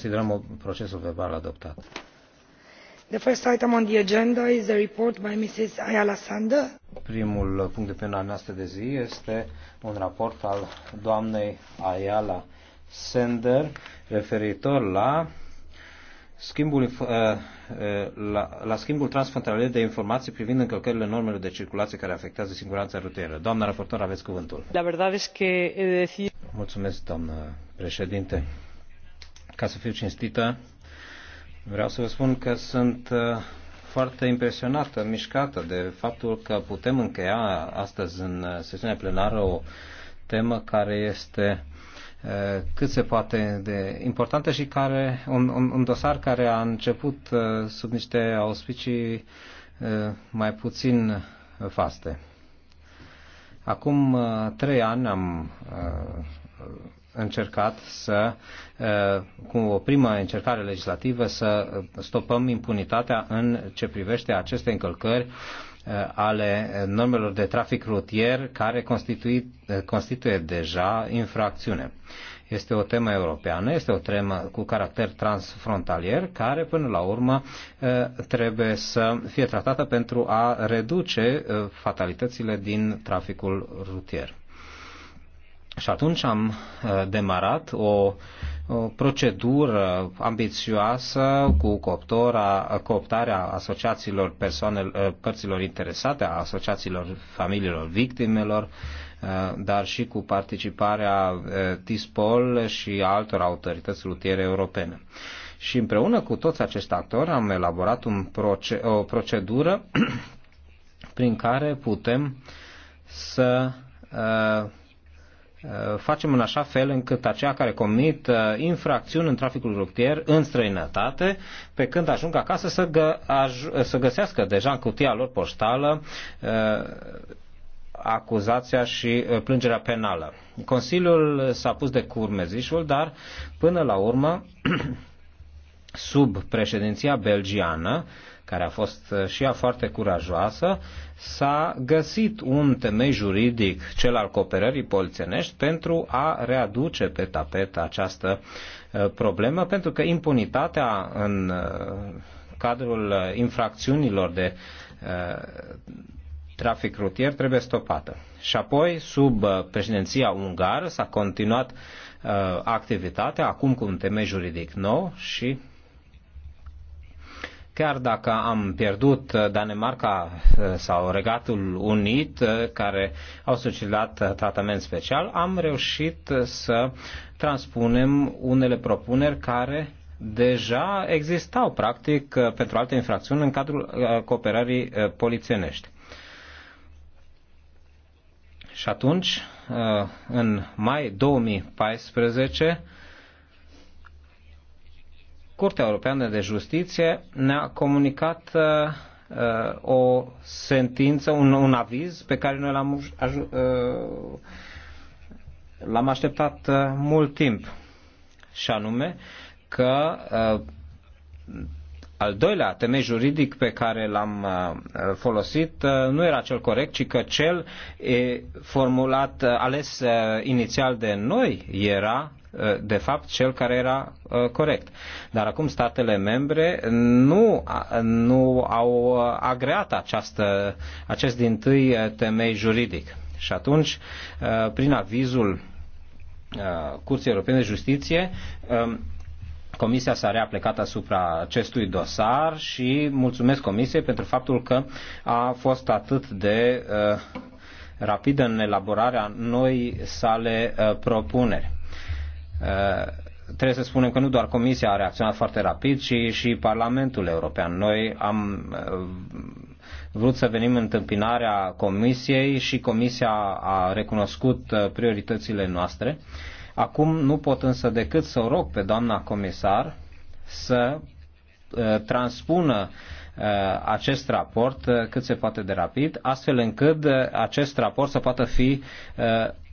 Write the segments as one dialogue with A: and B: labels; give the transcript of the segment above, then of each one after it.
A: Considerăm procesul verbal adoptat.
B: The first item on the agenda is the report by Mrs. Ayala Sander.
A: Primul punct de pe noastră de zi este un raport al doamnei Ayala Sender referitor la schimbul, uh, uh, la, la schimbul transfrontalier de informații privind încălcările normelor de circulație care afectează siguranța rutieră. Doamna raportor, aveți cuvântul. La
C: verdad es que he de decir...
A: Mulțumesc, doamnă președinte ca să fiu cinstită, vreau să vă spun că sunt uh, foarte impresionată, mișcată de faptul că putem încheia astăzi în uh, sesiunea plenară o temă care este uh, cât se poate de importantă și care, un, un, un dosar care a început sub niște auspicii mai puțin faste. Acum trei ani am încercat să, eh, cu o primă încercare legislativă, să stopăm impunitatea în ce privește aceste încălcări eh, ale normelor de trafic rutier care constituie, eh, constituie deja infracțiune. Este o temă europeană, este o temă cu caracter transfrontalier care până la urmă trebuie să fie tratată pentru a reduce fatalitățile din traficul rutier. Și atunci am uh, demarat o, o procedură ambițioasă cu coptora, cooptarea asociațiilor persoanelor, uh, părților interesate, a asociațiilor familiilor victimelor, uh, dar și cu participarea TISPOL și altor autorități rutiere europene. Și împreună cu toți acești actori am elaborat un proce- o procedură prin care putem să uh, Uh, facem în așa fel încât aceia care comit uh, infracțiuni în traficul rutier în străinătate, pe când ajung acasă să, gă, aj, să găsească deja în cutia lor poștală uh, acuzația și plângerea penală. Consiliul s-a pus de curmezișul, dar până la urmă, sub președinția belgiană, care a fost uh, și ea foarte curajoasă, s-a găsit un temei juridic, cel al cooperării polițienești, pentru a readuce pe tapet această uh, problemă, pentru că impunitatea în uh, cadrul infracțiunilor de trafic rutier trebuie stopată. Și apoi, sub președinția ungară, s-a continuat activitatea, acum cu un temei juridic nou și Chiar dacă am pierdut uh, Danemarca uh, sau Regatul Unit, uh, care au solicitat tratament special, am reușit să transpunem unele propuneri care deja existau, practic, pentru alte infracțiuni în cadrul cooperării polițienești. Și atunci, în mai 2014, Curtea Europeană de Justiție ne-a comunicat uh, uh, o sentință, un, un aviz pe care noi l-am, uh, l-am așteptat uh, mult timp, și anume că uh, al doilea temei juridic pe care l-am uh, folosit uh, nu era cel corect, ci că cel formulat, ales inițial de noi, era Eh, de fapt cel care era eh, corect. Dar acum statele membre nu, nu au eh, agreat această, acest din tâi temei juridic. Și atunci, prin avizul Curții Europene de Justiție, Comisia s-a reaplecat asupra acestui dosar și mulțumesc Comisiei pentru faptul că a fost atât de rapidă în elaborarea noi sale propuneri Eh, trebuie să spunem că nu doar Comisia a reacționat foarte rapid, ci și Parlamentul European. Noi am eh, vrut să venim în întâmpinarea Comisiei și Comisia a recunoscut eh, prioritățile noastre. Acum nu pot însă decât să o rog pe doamna comisar să transpună acest raport cât se poate de rapid, astfel încât acest raport să poată fi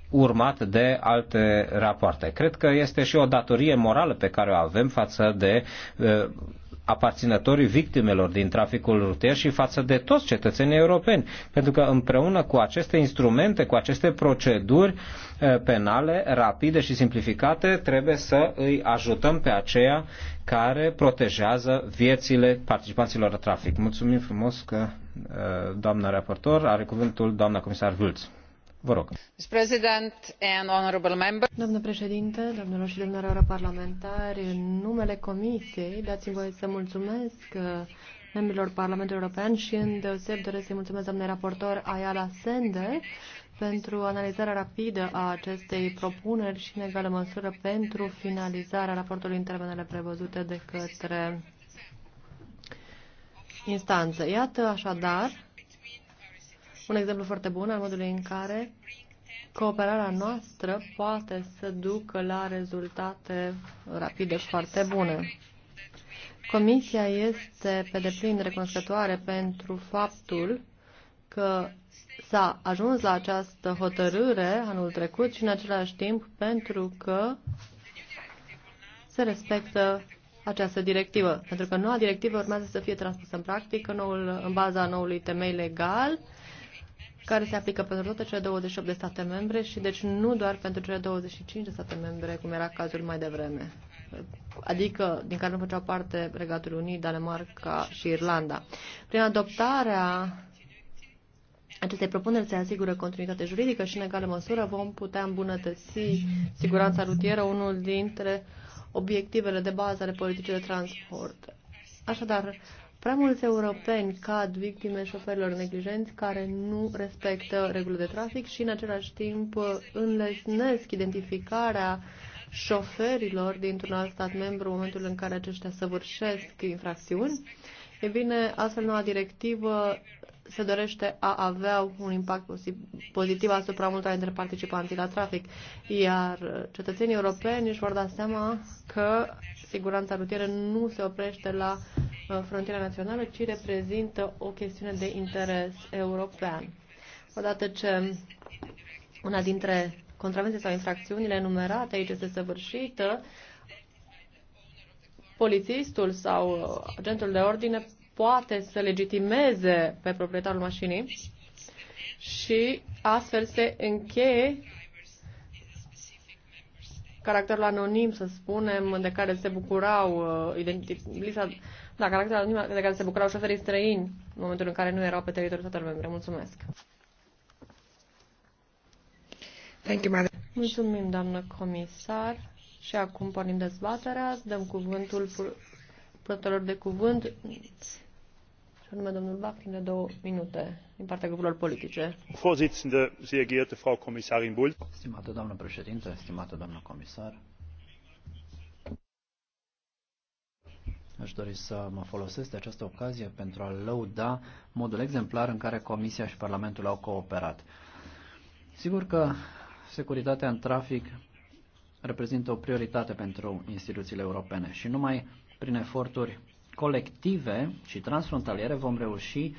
A: urmat de alte rapoarte. Cred că este și o datorie morală pe care o avem față de aparținătorii victimelor din traficul rutier și față de toți cetățenii europeni. Pentru că împreună cu aceste instrumente, cu aceste proceduri penale rapide și simplificate, trebuie să îi ajutăm pe aceia care protejează viețile participanților la trafic. Mulțumim frumos că doamna raportor are cuvântul doamna comisar Vâlț.
C: Domnule președinte, doamnelor și domnilor europarlamentari, în numele Comisiei dați-mi voie să mulțumesc uh, membrilor Parlamentului European și în deoseb doresc să-i mulțumesc doamnei raportor Ayala Sender pentru analizarea rapidă a acestei propuneri și, în egală măsură, pentru finalizarea raportului în termenele prevăzute de către instanță. Iată, așadar, un exemplu foarte bun al modului în care cooperarea noastră poate să ducă la rezultate rapide foarte bune. Comisia este pe deplin recunoscătoare pentru faptul că s-a ajuns la această hotărâre anul trecut și în același timp pentru că se respectă această directivă. Pentru că noua directivă urmează să fie transpusă în practică noul, în baza noului temei legal care se aplică pentru toate cele 28 de state membre și deci nu doar pentru cele 25 de state membre, cum era cazul mai devreme, adică din care nu făceau parte Regatul Unit, Danemarca și Irlanda. Prin adoptarea acestei propuneri se asigură continuitate juridică și, în egală măsură, vom putea îmbunătăți siguranța rutieră, unul dintre obiectivele de bază ale politicii de transport. Așadar, Prea mulți europeni cad victime șoferilor neglijenți care nu respectă regulile de trafic și în același timp înlesnesc identificarea șoferilor dintr-un alt stat membru în momentul în care aceștia săvârșesc infracțiuni. E bine, astfel noua directivă se dorește a avea un impact pozitiv asupra multora dintre participanții la trafic, iar cetățenii europeni își vor da seama că siguranța rutieră nu se oprește la frontiera națională, ci reprezintă o chestiune de interes european. Odată ce una dintre contravenții sau infracțiunile enumerate aici este săvârșită, polițistul sau agentul de ordine poate să legitimeze pe proprietarul mașinii și astfel se încheie caracterul anonim, să spunem, de care se bucurau uh, lista da, caracterul anonimă de care se bucurau șoferii străini în momentul în care nu erau pe teritoriul statelor membre. Mulțumesc! Thank you, madam. Mulțumim, doamnă comisar. Și acum pornim dezbaterea. Dăm cuvântul purtătorilor de cuvânt. Și anume domnul Bach, de două minute, din partea grupurilor politice.
D: Vorsitzende, sehr geehrte Frau Kommissarin Bulc. Stimată doamnă președinte, stimată doamnă comisar, Aș dori să mă folosesc de această ocazie pentru a lăuda modul exemplar în care Comisia și Parlamentul au cooperat. Sigur că securitatea în trafic reprezintă o prioritate pentru instituțiile europene și numai prin eforturi colective și transfrontaliere vom reuși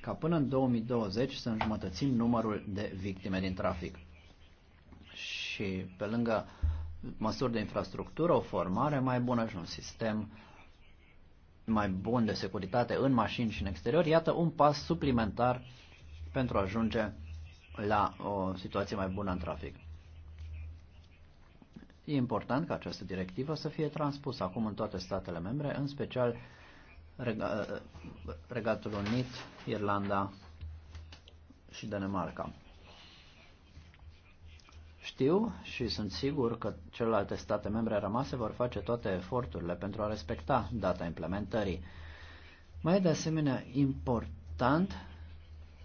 D: ca până în 2020 să înjumătățim numărul de victime din trafic. Și pe lângă măsuri de infrastructură, o formare mai bună și un sistem mai bun de securitate în mașini și în exterior, iată un pas suplimentar pentru a ajunge la o situație mai bună în trafic. E important ca această directivă să fie transpusă acum în toate statele membre, în special Regatul Unit, Irlanda și Danemarca. Știu și sunt sigur că celelalte state membre rămase vor face toate eforturile pentru a respecta data implementării. Mai e de asemenea important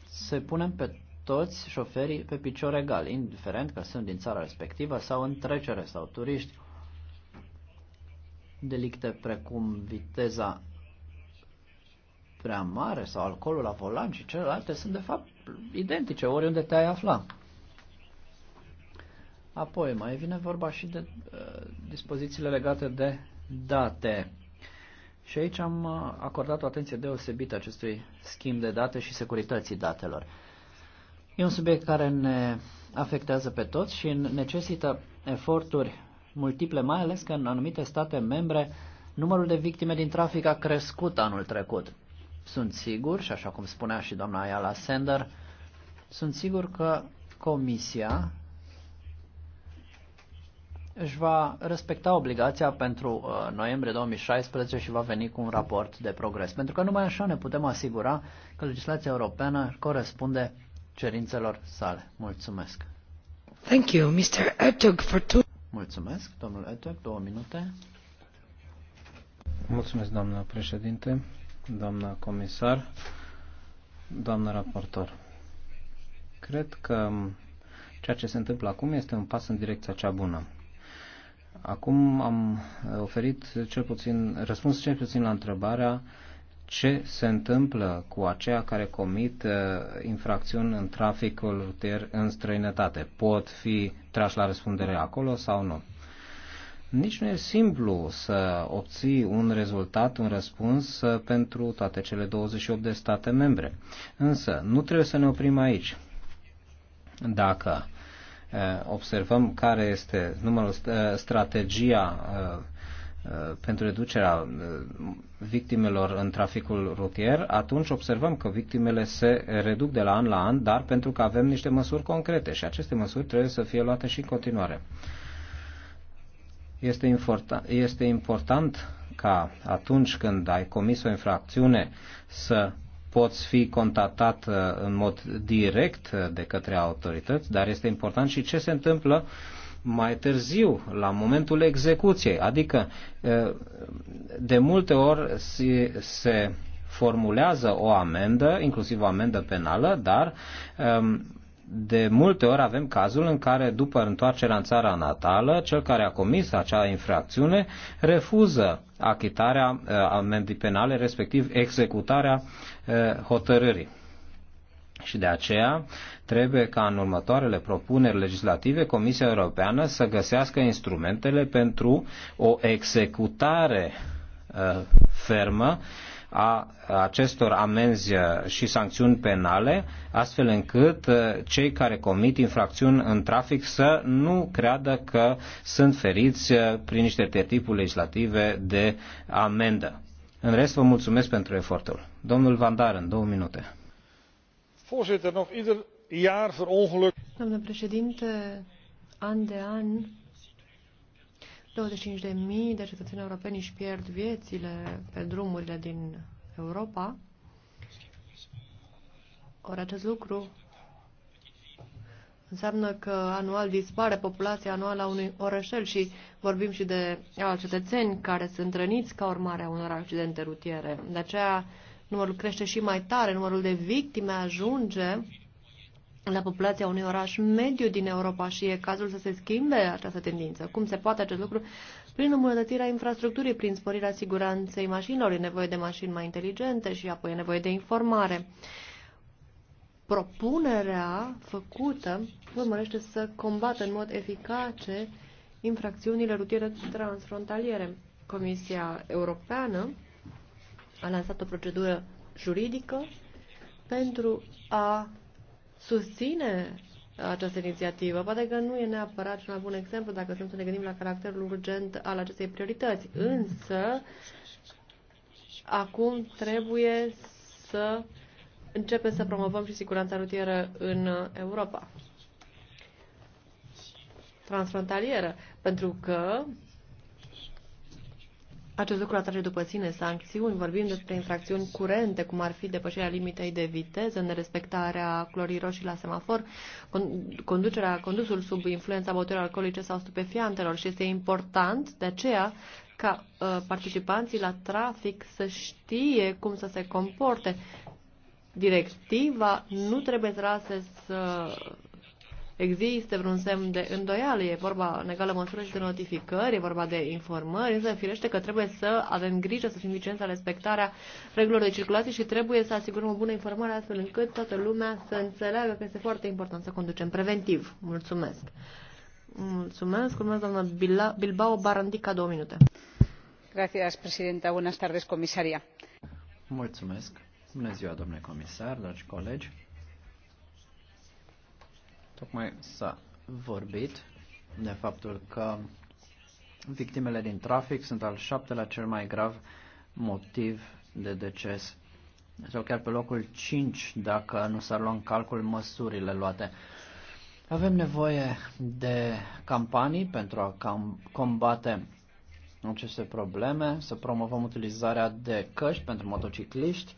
D: să punem pe toți șoferii pe picior egal, indiferent că sunt din țara respectivă sau în trecere sau turiști. Delicte precum viteza prea mare sau alcoolul la volan și celelalte sunt de fapt identice oriunde te-ai afla. Apoi mai vine vorba și de uh, dispozițiile legate de date. Și aici am uh, acordat o atenție deosebită acestui schimb de date și securității datelor. E un subiect care ne afectează pe toți și necesită eforturi multiple, mai ales că în anumite state membre numărul de victime din trafic a crescut anul trecut. Sunt sigur, și așa cum spunea și doamna Ayala Sender, sunt sigur că Comisia își va respecta obligația pentru uh, noiembrie 2016 și va veni cu un raport de progres. Pentru că numai așa ne putem asigura că legislația europeană corespunde cerințelor sale. Mulțumesc. Thank you, Mr. Ertug, for two... Mulțumesc, domnul Ertug, două minute.
A: Mulțumesc, doamnă președinte, doamnă comisar, doamnă raportor. Cred că ceea ce se întâmplă acum este un pas în direcția cea bună. Acum am eh, oferit cel puțin, răspuns cel puțin la întrebarea ce se întâmplă cu aceia care comit eh, infracțiuni în traficul rutier în străinătate. Pot fi trași la răspundere acolo sau nu? Nici nu e simplu să obții un rezultat, un răspuns eh, pentru toate cele 28 de state membre. Însă, nu trebuie să ne oprim aici. Dacă Eh, observăm care este numărul eh, strategia eh, pentru reducerea victimelor în traficul rutier, atunci observăm că victimele se reduc de la an la an, dar pentru că avem niște măsuri concrete și aceste măsuri trebuie să fie luate și în continuare. Este, important, este important ca atunci când ai comis o infracțiune să poți fi contactat uh, în mod direct uh, de către autorități, dar este important și ce se întâmplă mai târziu, la momentul execuției. Adică, uh, de multe ori se, se formulează o amendă, inclusiv o amendă penală, dar um, de multe ori avem cazul în care, după întoarcerea în țara natală, cel care a comis acea infracțiune refuză achitarea uh, amendii penale, respectiv executarea uh, hotărârii. Și de aceea trebuie ca în următoarele propuneri legislative Comisia Europeană să găsească instrumentele pentru o executare uh, fermă a acestor amenzi și sancțiuni penale, astfel încât uh, cei care comit infracțiuni în trafic să nu creadă că sunt feriți uh, prin niște tertipuri legislative de amendă. În rest, vă mulțumesc pentru efortul. Domnul în două minute.
C: Domnule președinte, an de an 25.000 de cetățeni europeni își pierd viețile pe drumurile din Europa. Ori acest lucru înseamnă că anual dispare populația anuală a unui orășel și vorbim și de alți cetățeni care sunt răniți ca urmare a unor accidente rutiere. De aceea numărul crește și mai tare, numărul de victime ajunge la populația unui oraș mediu din Europa și e cazul să se schimbe această tendință. Cum se poate acest lucru? Prin îmbunătățirea infrastructurii, prin sporirea siguranței mașinilor, e nevoie de mașini mai inteligente și apoi e nevoie de informare. Propunerea făcută urmărește să combată în mod eficace infracțiunile rutiere transfrontaliere. Comisia Europeană a lansat o procedură juridică pentru a susține această inițiativă. Poate că nu e neapărat cel mai bun exemplu dacă sunt să ne gândim la caracterul urgent al acestei priorități, însă acum trebuie să începem să promovăm și siguranța rutieră în Europa transfrontalieră, pentru că acest lucru atrage după sine sancțiuni. Vorbim despre infracțiuni curente, cum ar fi depășirea limitei de viteză, nerespectarea clorii roșii la semafor, conducerea, condusul sub influența băuturilor alcoolice sau stupefiantelor și este important de aceea ca uh, participanții la trafic să știe cum să se comporte. Directiva nu trebuie trase să există vreun semn de îndoială. E vorba în egală măsură și de notificări, e vorba de informări, însă firește că trebuie să avem grijă să fim vigilenți la respectarea regulilor de circulație și trebuie să asigurăm o bună informare astfel încât toată lumea să înțeleagă că este foarte important să conducem preventiv. Mulțumesc! Mulțumesc. Urmează doamna Bilbao Barandica, două minute. Gracias, presidenta. Buenas tardes, comisaria.
D: Mulțumesc. Bună ziua, domnule comisar, dragi colegi. Tocmai s-a vorbit de faptul că victimele din trafic sunt al șaptelea cel mai grav motiv de deces sau chiar pe locul 5 dacă nu s-ar lua în calcul măsurile luate. Avem nevoie de campanii pentru a combate aceste probleme, să promovăm utilizarea de căști pentru motocicliști,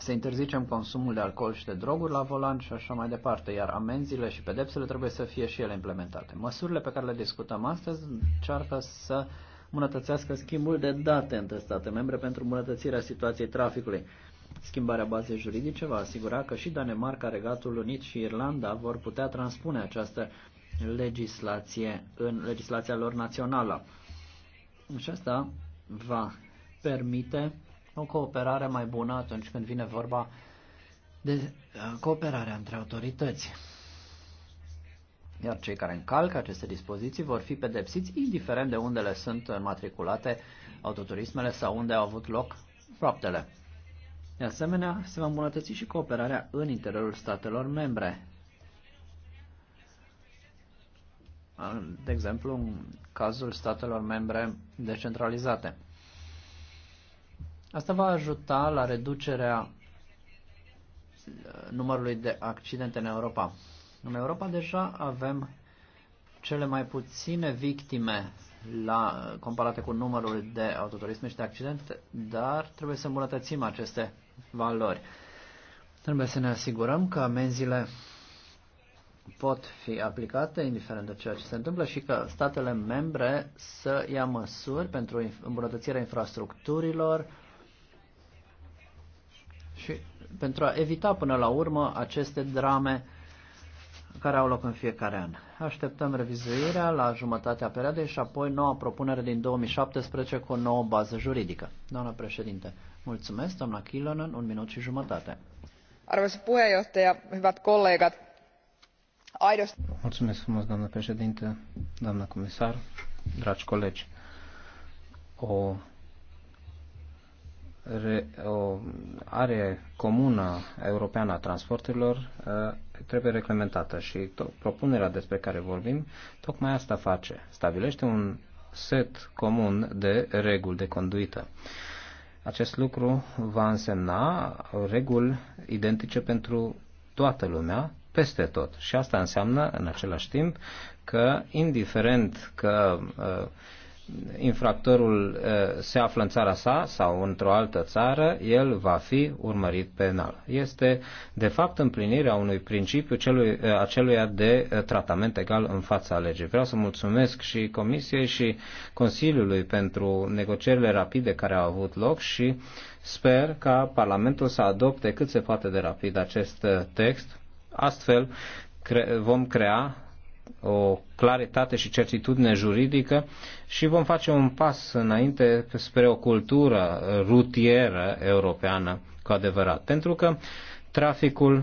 D: să interzicem consumul de alcool și de droguri la volan și așa mai departe, iar amenziile și pedepsele trebuie să fie și ele implementate. Măsurile pe care le discutăm astăzi încearcă să îmbunătățească schimbul de date între state membre pentru îmbunătățirea situației traficului. Schimbarea bazei juridice va asigura că și Danemarca, Regatul Unit și Irlanda vor putea transpune această legislație în legislația lor națională. Și asta va permite o cooperare mai bună atunci când vine vorba de uh, cooperarea între autorități. Iar cei care încalcă aceste dispoziții vor fi pedepsiți indiferent de unde le sunt înmatriculate autoturismele sau unde au avut loc faptele. De asemenea, se va îmbunătăți și cooperarea în interiorul statelor membre. Uh, de exemplu, în cazul statelor membre decentralizate. Asta va ajuta la reducerea uh, numărului de accidente în Europa. În Europa deja avem cele mai puține victime la, uh, comparate cu numărul de autoturisme și de accidente, dar trebuie să îmbunătățim aceste valori. Trebuie să ne asigurăm că amenziile pot fi aplicate, indiferent de ceea ce se întâmplă, și că statele membre să ia măsuri pentru îmbunătățirea infrastructurilor, și pentru a evita până la urmă aceste drame care au loc în fiecare an. Așteptăm revizuirea la jumătatea perioadei și apoi noua propunere din 2017 cu o nouă bază juridică. Doamna președinte, mulțumesc, doamna Kilonen, un minut și jumătate.
B: Arvoisa puheenjohtaja, hyvät kollegat, aidosti...
A: Mulțumesc frumos, doamna președinte, doamna comisar, dragi colegi. O o are comună europeană a transporturilor uh, trebuie reglementată și propunerea despre care vorbim tocmai asta face. Stabilește un set comun de reguli de conduită. Acest lucru va însemna reguli identice pentru toată lumea, peste tot. Și asta înseamnă, în același timp, că, indiferent că uh, infractorul uh, se află în țara sa sau într-o altă țară, el va fi urmărit penal. Este, de fapt, împlinirea unui principiu celui, uh, aceluia de uh, tratament egal în fața legii. Vreau să mulțumesc și Comisiei și Consiliului pentru negocierile rapide care au avut loc și sper ca Parlamentul să adopte cât se poate de rapid acest text. Astfel, cre- vom crea o claritate și certitudine juridică și vom face un pas înainte spre o cultură rutieră europeană cu adevărat. Pentru că traficul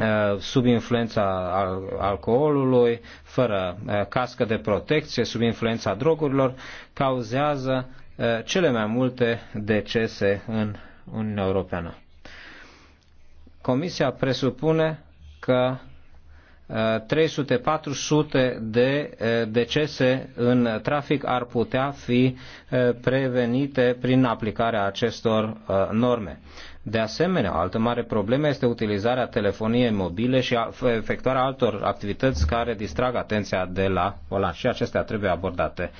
A: uh, sub influența alcoolului, fără uh, cască de protecție, sub influența drogurilor, cauzează uh, cele mai multe decese în Uniunea Europeană. Comisia presupune că 300-400 de eh, decese în trafic ar putea fi eh, prevenite prin aplicarea acestor eh, norme. De asemenea, o altă mare problemă este utilizarea telefoniei mobile și efectuarea altor activități care distrag atenția de la volan și acestea trebuie abordate.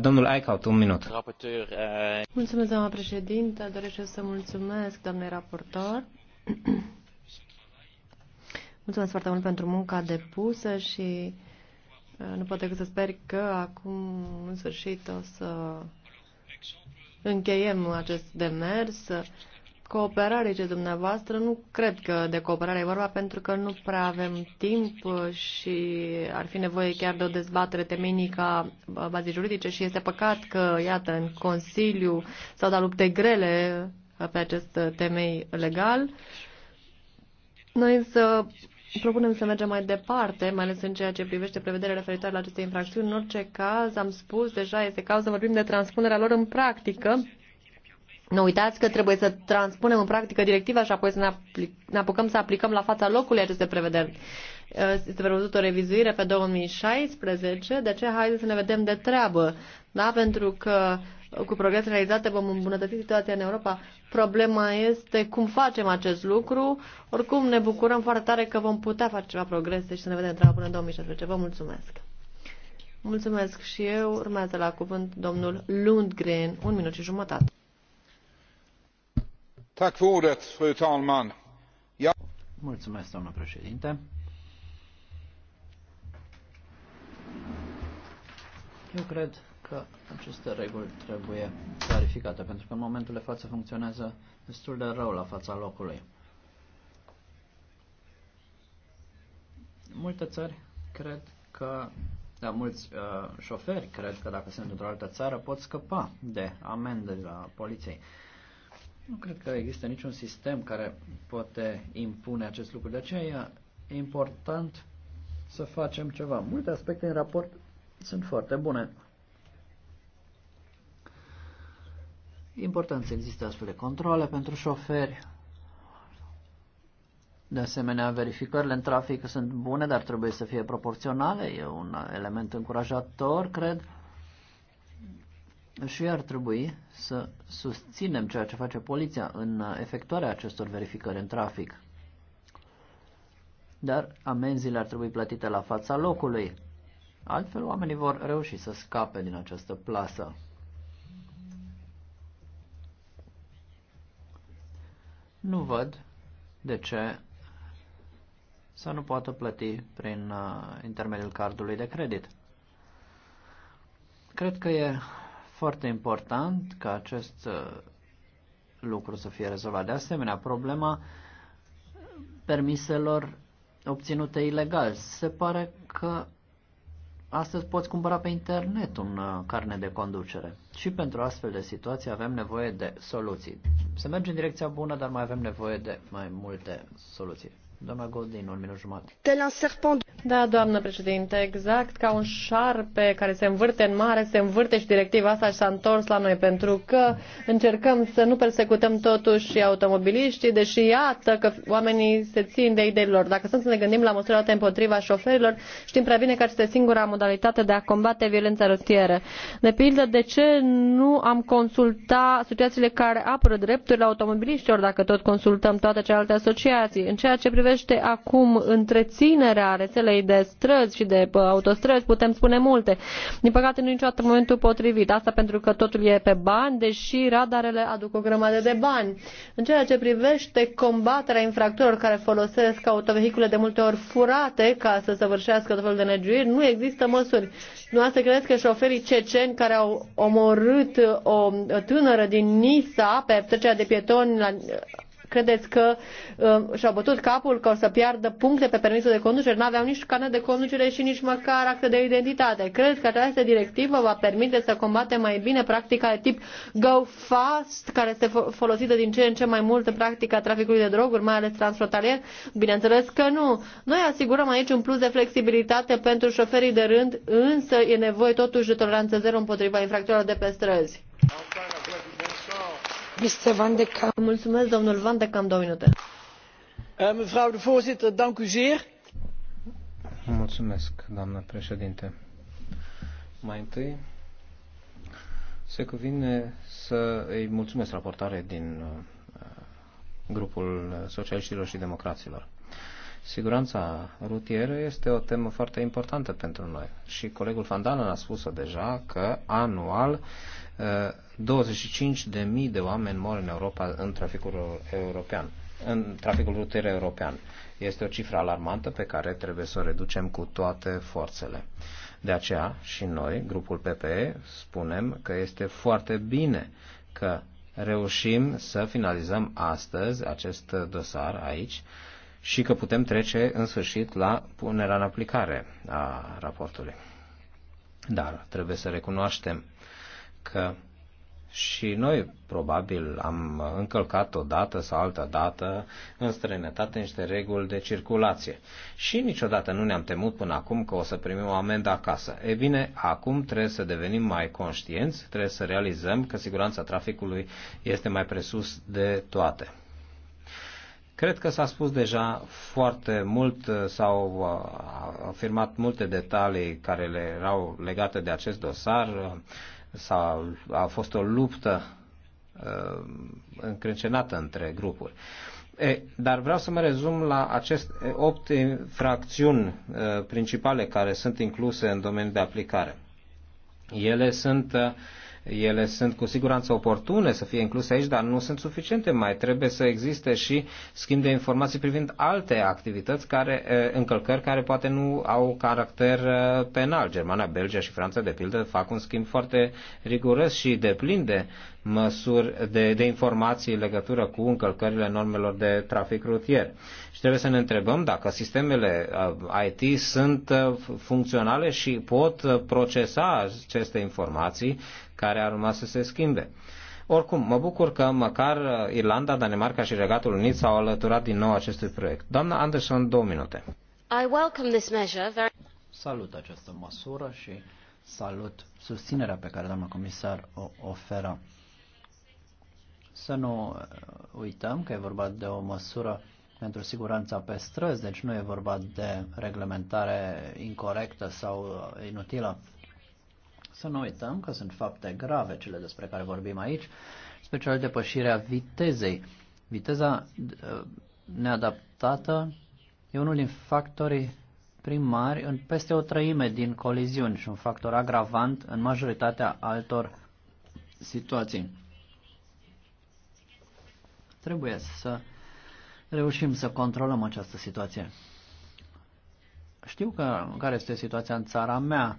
A: Domnul Eichhout, un minut.
C: Mulțumesc, doamna președinte. Doresc să mulțumesc, doamne raportor. Mulțumesc foarte mult pentru munca depusă și uh, nu pot decât să sper că acum, în sfârșit, o să încheiem acest demers. Cooperare, ce dumneavoastră, nu cred că de cooperare e vorba, pentru că nu prea avem timp și ar fi nevoie chiar de o dezbatere temenică a bazei juridice și este păcat că, iată, în Consiliu s-au dat lupte grele pe acest temei legal. Noi însă propunem să mergem mai departe, mai ales în ceea ce privește prevederea referitoare la aceste infracțiuni. În orice caz, am spus, deja este cazul să vorbim de transpunerea lor în practică. Nu uitați că trebuie să transpunem în practică directiva și apoi să ne, ne apucăm să aplicăm la fața locului aceste prevederi. Este prevăzut o revizuire pe 2016, de aceea haideți să ne vedem de treabă, da? pentru că uh, cu progres realizate vom îmbunătăți situația în Europa. Problema este cum facem acest lucru. Oricum ne bucurăm foarte tare că vom putea face ceva progrese și să ne vedem treaba până în 2016. Vă mulțumesc! Mulțumesc și eu. Urmează la cuvânt domnul Lundgren. Un minut și jumătate.
D: Mulțumesc, domnule președinte. Eu cred că aceste reguli trebuie clarificate, pentru că în momentul de față funcționează destul de rău la fața locului. Multe țări cred că, da, mulți uh, șoferi cred că dacă sunt într-o altă țară pot scăpa de amende la poliției. Nu cred că există niciun sistem care poate impune acest lucru. De aceea e important să facem ceva. Multe aspecte în raport sunt foarte bune. important să existe astfel de controle pentru șoferi. De asemenea, verificările în trafic sunt bune, dar trebuie să fie proporționale. E un element încurajator, cred. Și ar trebui să susținem ceea ce face poliția în efectuarea acestor verificări în trafic. Dar amenziile ar trebui plătite la fața locului. Altfel, oamenii vor reuși să scape din această plasă. Nu văd de ce să nu poată plăti prin uh, intermediul cardului de credit. Cred că e foarte important ca acest uh, lucru să fie rezolvat. De asemenea, problema permiselor obținute ilegal. Se pare că astăzi poți cumpăra pe internet un uh, carne de conducere. Și pentru astfel de situații avem nevoie de soluții se merge în direcția bună, dar mai avem nevoie de mai multe soluții. Doamna Godin, un
C: minut Da, doamnă președinte, exact ca un șarpe care se învârte în mare, se învârte și directiva asta și s-a întors la noi, pentru că încercăm să nu persecutăm totuși automobiliștii, deși iată că oamenii se țin de ideilor. Dacă sunt să ne gândim la măsurile luate împotriva șoferilor, știm prea bine că este singura modalitate de a combate violența rutieră. De pildă, de ce nu am consultat asociațiile care apără drepturile automobiliștilor, dacă tot consultăm toate celelalte asociații? În ceea ce privește privește acum întreținerea rețelei de străzi și de uh, autostrăzi, putem spune multe. Din păcate, nu niciodată momentul potrivit. Asta pentru că totul e pe bani, deși radarele aduc o grămadă de bani. În ceea ce privește combaterea infractorilor care folosesc autovehicule de multe ori furate ca să săvârșească tot felul de negiuiri, nu există măsuri. Nu asta credeți că șoferii ceceni care au omorât o tânără din Nisa pe trecerea de pietoni la Credeți că uh, și-au bătut capul că o să piardă puncte pe permisul de conducere? Nu aveau nici carnet de conducere și nici măcar acte de identitate. Credeți că această directivă va permite să combate mai bine practica de tip go fast, care este folosită din ce în ce mai mult în practica traficului de droguri, mai ales transfrontalier? Bineînțeles că nu. Noi asigurăm aici un plus de flexibilitate pentru șoferii de rând, însă e nevoie totuși de toleranță zero împotriva infracțiunilor de pe străzi. Eh,
D: voorzitter dank
A: Mulțumesc, doamnă președinte. Mai întâi, se cuvine să îi mulțumesc raportare din eh, grupul socialiștilor și democraților. Siguranța rutieră este o temă foarte importantă pentru noi și colegul Fandalan a spus-o deja că anual eh, 25.000 de oameni mor în Europa în traficul european, în traficul rutier european. Este o cifră alarmantă pe care trebuie să o reducem cu toate forțele. De aceea și noi, grupul PPE, spunem că este foarte bine că reușim să finalizăm astăzi acest dosar aici și că putem trece în sfârșit la punerea în aplicare a raportului. Dar trebuie să recunoaștem că și noi probabil am încălcat o dată sau altă dată în străinătate niște reguli de circulație. Și niciodată nu ne-am temut până acum că o să primim o amendă acasă. E bine, acum trebuie să devenim mai conștienți, trebuie să realizăm că siguranța traficului este mai presus de toate. Cred că s-a spus deja foarte mult, uh, s-au uh, afirmat multe detalii care le erau legate de acest dosar s-a, a fost o luptă uh, încrâncenată între grupuri. E, dar vreau să mă rezum la aceste opt fracțiuni uh, principale care sunt incluse în domeniul de aplicare. Ele sunt uh, ele sunt cu siguranță oportune să fie incluse aici, dar nu sunt suficiente. Mai trebuie să existe și schimb de informații privind alte activități, care, încălcări care poate nu au caracter penal. Germania, Belgia și Franța, de pildă, fac un schimb foarte riguros și deplin de măsuri de, de informații în legătură cu încălcările normelor de trafic rutier. Și trebuie să ne întrebăm dacă sistemele IT sunt funcționale și pot procesa aceste informații care ar urma să se schimbe. Oricum, mă bucur că măcar uh, Irlanda, Danemarca și Regatul Unit s-au alăturat din nou acestui proiect. Doamna Anderson, două minute.
E: I welcome this measure very...
D: Salut această măsură și salut susținerea pe care doamna comisar o oferă. Să nu uh, uităm că e vorba de o măsură pentru siguranța pe străzi, deci nu e vorba de reglementare incorrectă sau uh, inutilă. Să nu uităm că sunt fapte grave cele despre care vorbim aici, special depășirea vitezei. Viteza uh, neadaptată e unul din factorii primari în peste o trăime din coliziuni și un factor agravant în majoritatea altor situații. Trebuie să reușim să controlăm această situație. Știu că care este situația în țara mea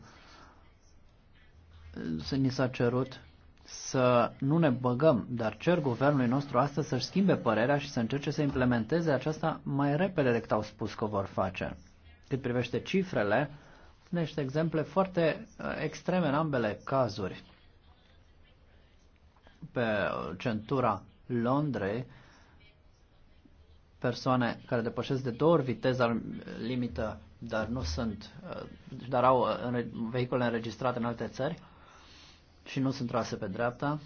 D: să ni s-a cerut să nu ne băgăm, dar cer guvernului nostru astăzi să-și schimbe părerea și să încerce să implementeze aceasta mai repede decât au spus că o vor face. Cât privește cifrele, sunt niște exemple foarte uh, extreme în ambele cazuri. Pe uh, centura Londrei, persoane care depășesc de două ori viteza limită, dar nu sunt, uh, dar au vehicule înregistrate în alte țări, și nu sunt trase pe dreapta.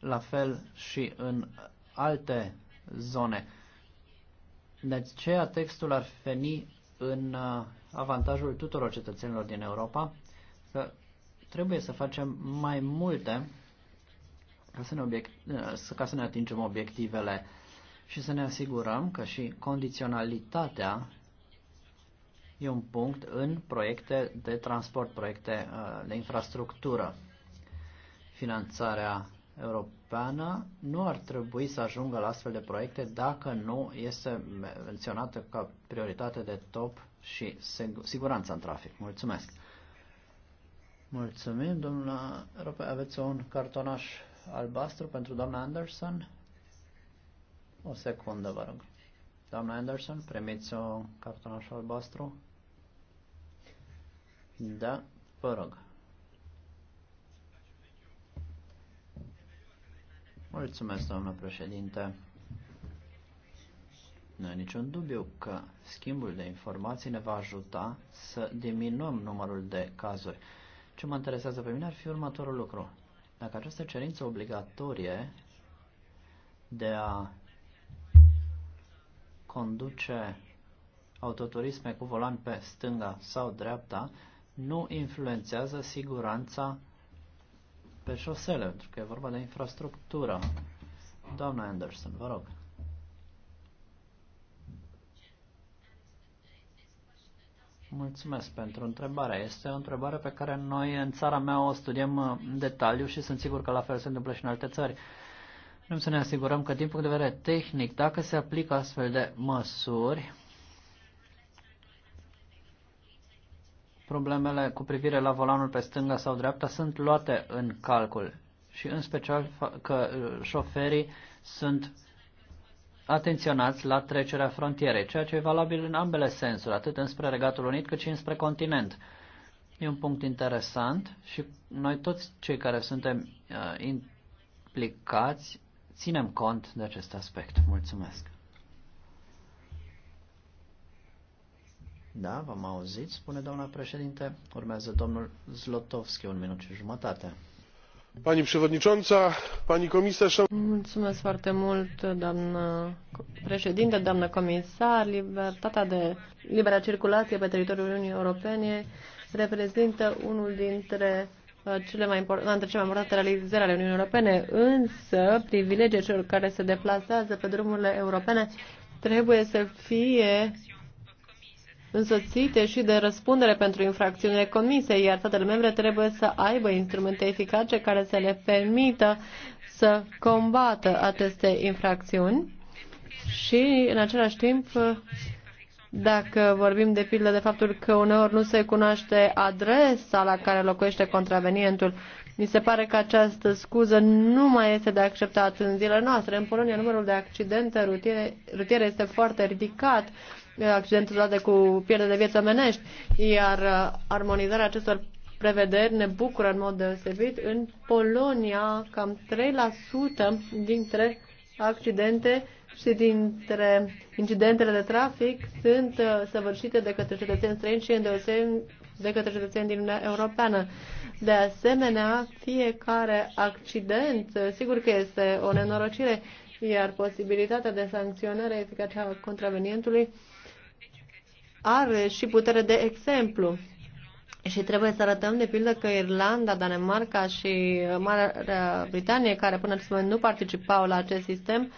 D: La fel și în alte zone. De deci, aceea textul ar veni în uh, avantajul tuturor cetățenilor din Europa că trebuie să facem mai multe ca să ne, obiect, uh, ca să ne atingem obiectivele și să ne asigurăm că și condiționalitatea e un punct în proiecte de transport, proiecte uh, de infrastructură. Finanțarea europeană nu ar trebui să ajungă la astfel de proiecte dacă nu este menționată ca prioritate de top și siguranța în trafic. Mulțumesc! Mulțumim, domnule Rope. Aveți un cartonaș albastru pentru doamna Anderson? O secundă, vă rog. Doamna Anderson, primiți un cartonaș albastru? Da, vă rog. Mulțumesc, doamnă președinte. Nu e niciun dubiu că schimbul de informații ne va ajuta să diminuăm numărul de cazuri. Ce mă interesează pe mine ar fi următorul lucru. Dacă această cerință obligatorie de a conduce autoturisme cu volan pe stânga sau dreapta nu influențează siguranța pe șosele, pentru că e vorba de infrastructură. Doamna Anderson, vă rog. Mulțumesc pentru întrebare. Este o întrebare pe care noi în țara mea o studiem în detaliu și sunt sigur că la fel se întâmplă și în alte țări. Vrem să ne asigurăm că din punct de vedere tehnic, dacă se aplică astfel de măsuri, problemele cu privire la volanul pe stânga sau dreapta sunt luate în calcul și în special că uh, șoferii sunt atenționați la trecerea frontierei, ceea ce e valabil în ambele sensuri, atât înspre Regatul Unit cât și înspre continent. E un punct interesant și noi toți cei care suntem uh, implicați ținem cont de acest aspect. Mulțumesc! Da, v-am auzit, spune doamna președinte. Urmează domnul Zlotovski, un minut și jumătate. Pani przewodnicząca, pani komisarz.
C: Mulțumesc foarte mult, doamnă președinte, doamnă comisar. Libertatea de libera circulație pe teritoriul Uniunii Europene reprezintă unul dintre uh, cele mai importante, cele mai importante realizări ale Uniunii Europene, însă privilegiile celor care se deplasează pe drumurile europene trebuie să fie însoțite și de răspundere pentru infracțiunile comise, iar statele membre trebuie să aibă instrumente eficace care să le permită să combată aceste infracțiuni și, în același timp, dacă vorbim de pildă de faptul că uneori nu se cunoaște adresa la care locuiește contravenientul, mi se pare că această scuză nu mai este de acceptat în zilele noastre. În Polonia, numărul de accidente rutiere, rutiere este foarte ridicat accidentul date cu pierdere de vieți omenești, iar uh, armonizarea acestor prevederi ne bucură în mod deosebit. În Polonia, cam 3% dintre accidente și dintre incidentele de trafic sunt uh, săvârșite de către cetățeni străini și îndeosebit de către cetățeni din Uniunea Europeană. De asemenea, fiecare accident, uh, sigur că este o nenorocire, iar posibilitatea de sancționare eficace a contravenientului are și putere de exemplu. Și trebuie să arătăm, de pildă, că Irlanda, Danemarca și Marea Britanie, care până acest moment nu participau la acest sistem,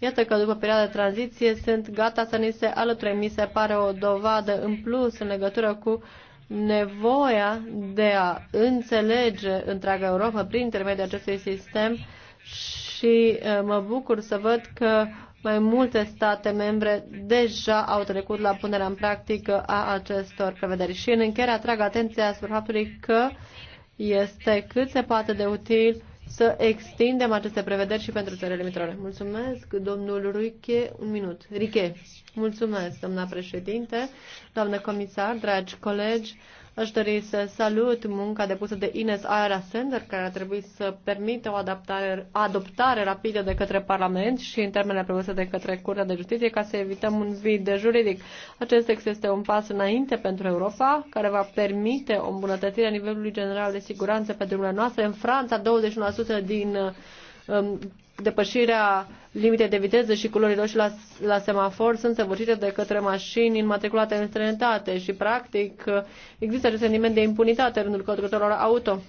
C: iată că după perioada de tranziție sunt gata să ni se alăture. Mi se pare o dovadă în plus în legătură cu nevoia de a înțelege întreaga Europa prin intermediul acestui sistem și uh, mă bucur să văd că mai multe state membre deja au trecut la punerea în practică a acestor prevederi. Și în încheiere atrag atenția asupra faptului că este cât se poate de util să extindem aceste prevederi și pentru țările limitrofe. Mulțumesc, domnul Ruiche, un minut. Riche, mulțumesc, doamna președinte, doamnă comisar, dragi colegi. Aș dori să salut munca depusă de Ines Aira Sender, care a trebuit să permită o adaptare, adoptare rapidă de către Parlament și în termenele prevăzute de către Curtea de Justiție ca să evităm un vid juridic. Acest text este un pas înainte pentru Europa, care va permite o îmbunătățire a nivelului general de siguranță pe drumurile noastre. În Franța, 21% din um, depășirea limitei de viteză și culorii roșii la, la semafor sunt săvârșite de către mașini înmatriculate în străinătate și, practic, există acest sentiment de impunitate în rândul conducătorilor auto.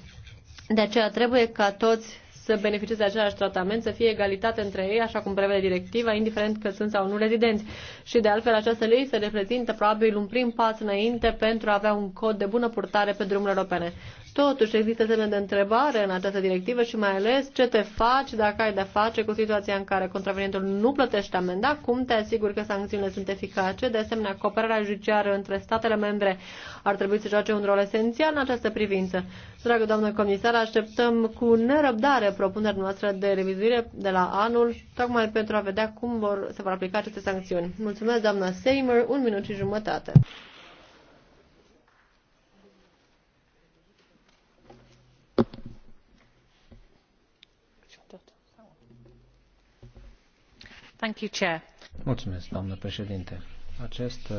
C: De aceea trebuie ca toți să beneficieze de același tratament, să fie egalitate între ei, așa cum prevede directiva, indiferent că sunt sau nu rezidenți. Și de altfel, această lege se reprezintă probabil un prim pas înainte pentru a avea un cod de bună purtare pe drumurile europene. Totuși, există semne de întrebare în această directivă și mai ales ce te faci dacă ai de face cu situația în care contravenientul nu plătește amenda, cum te asiguri că sancțiunile sunt eficace. De asemenea, cooperarea judiciară între statele membre ar trebui să joace un rol esențial în această privință. Dragă doamnă comisar, așteptăm cu nerăbdare propunerea noastră de revizuire de la anul, tocmai pentru a vedea cum vor, se vor aplica aceste sancțiuni. Mulțumesc, doamna Seymour, un minut și jumătate.
A: Mulțumesc, doamnă președinte. Acest uh,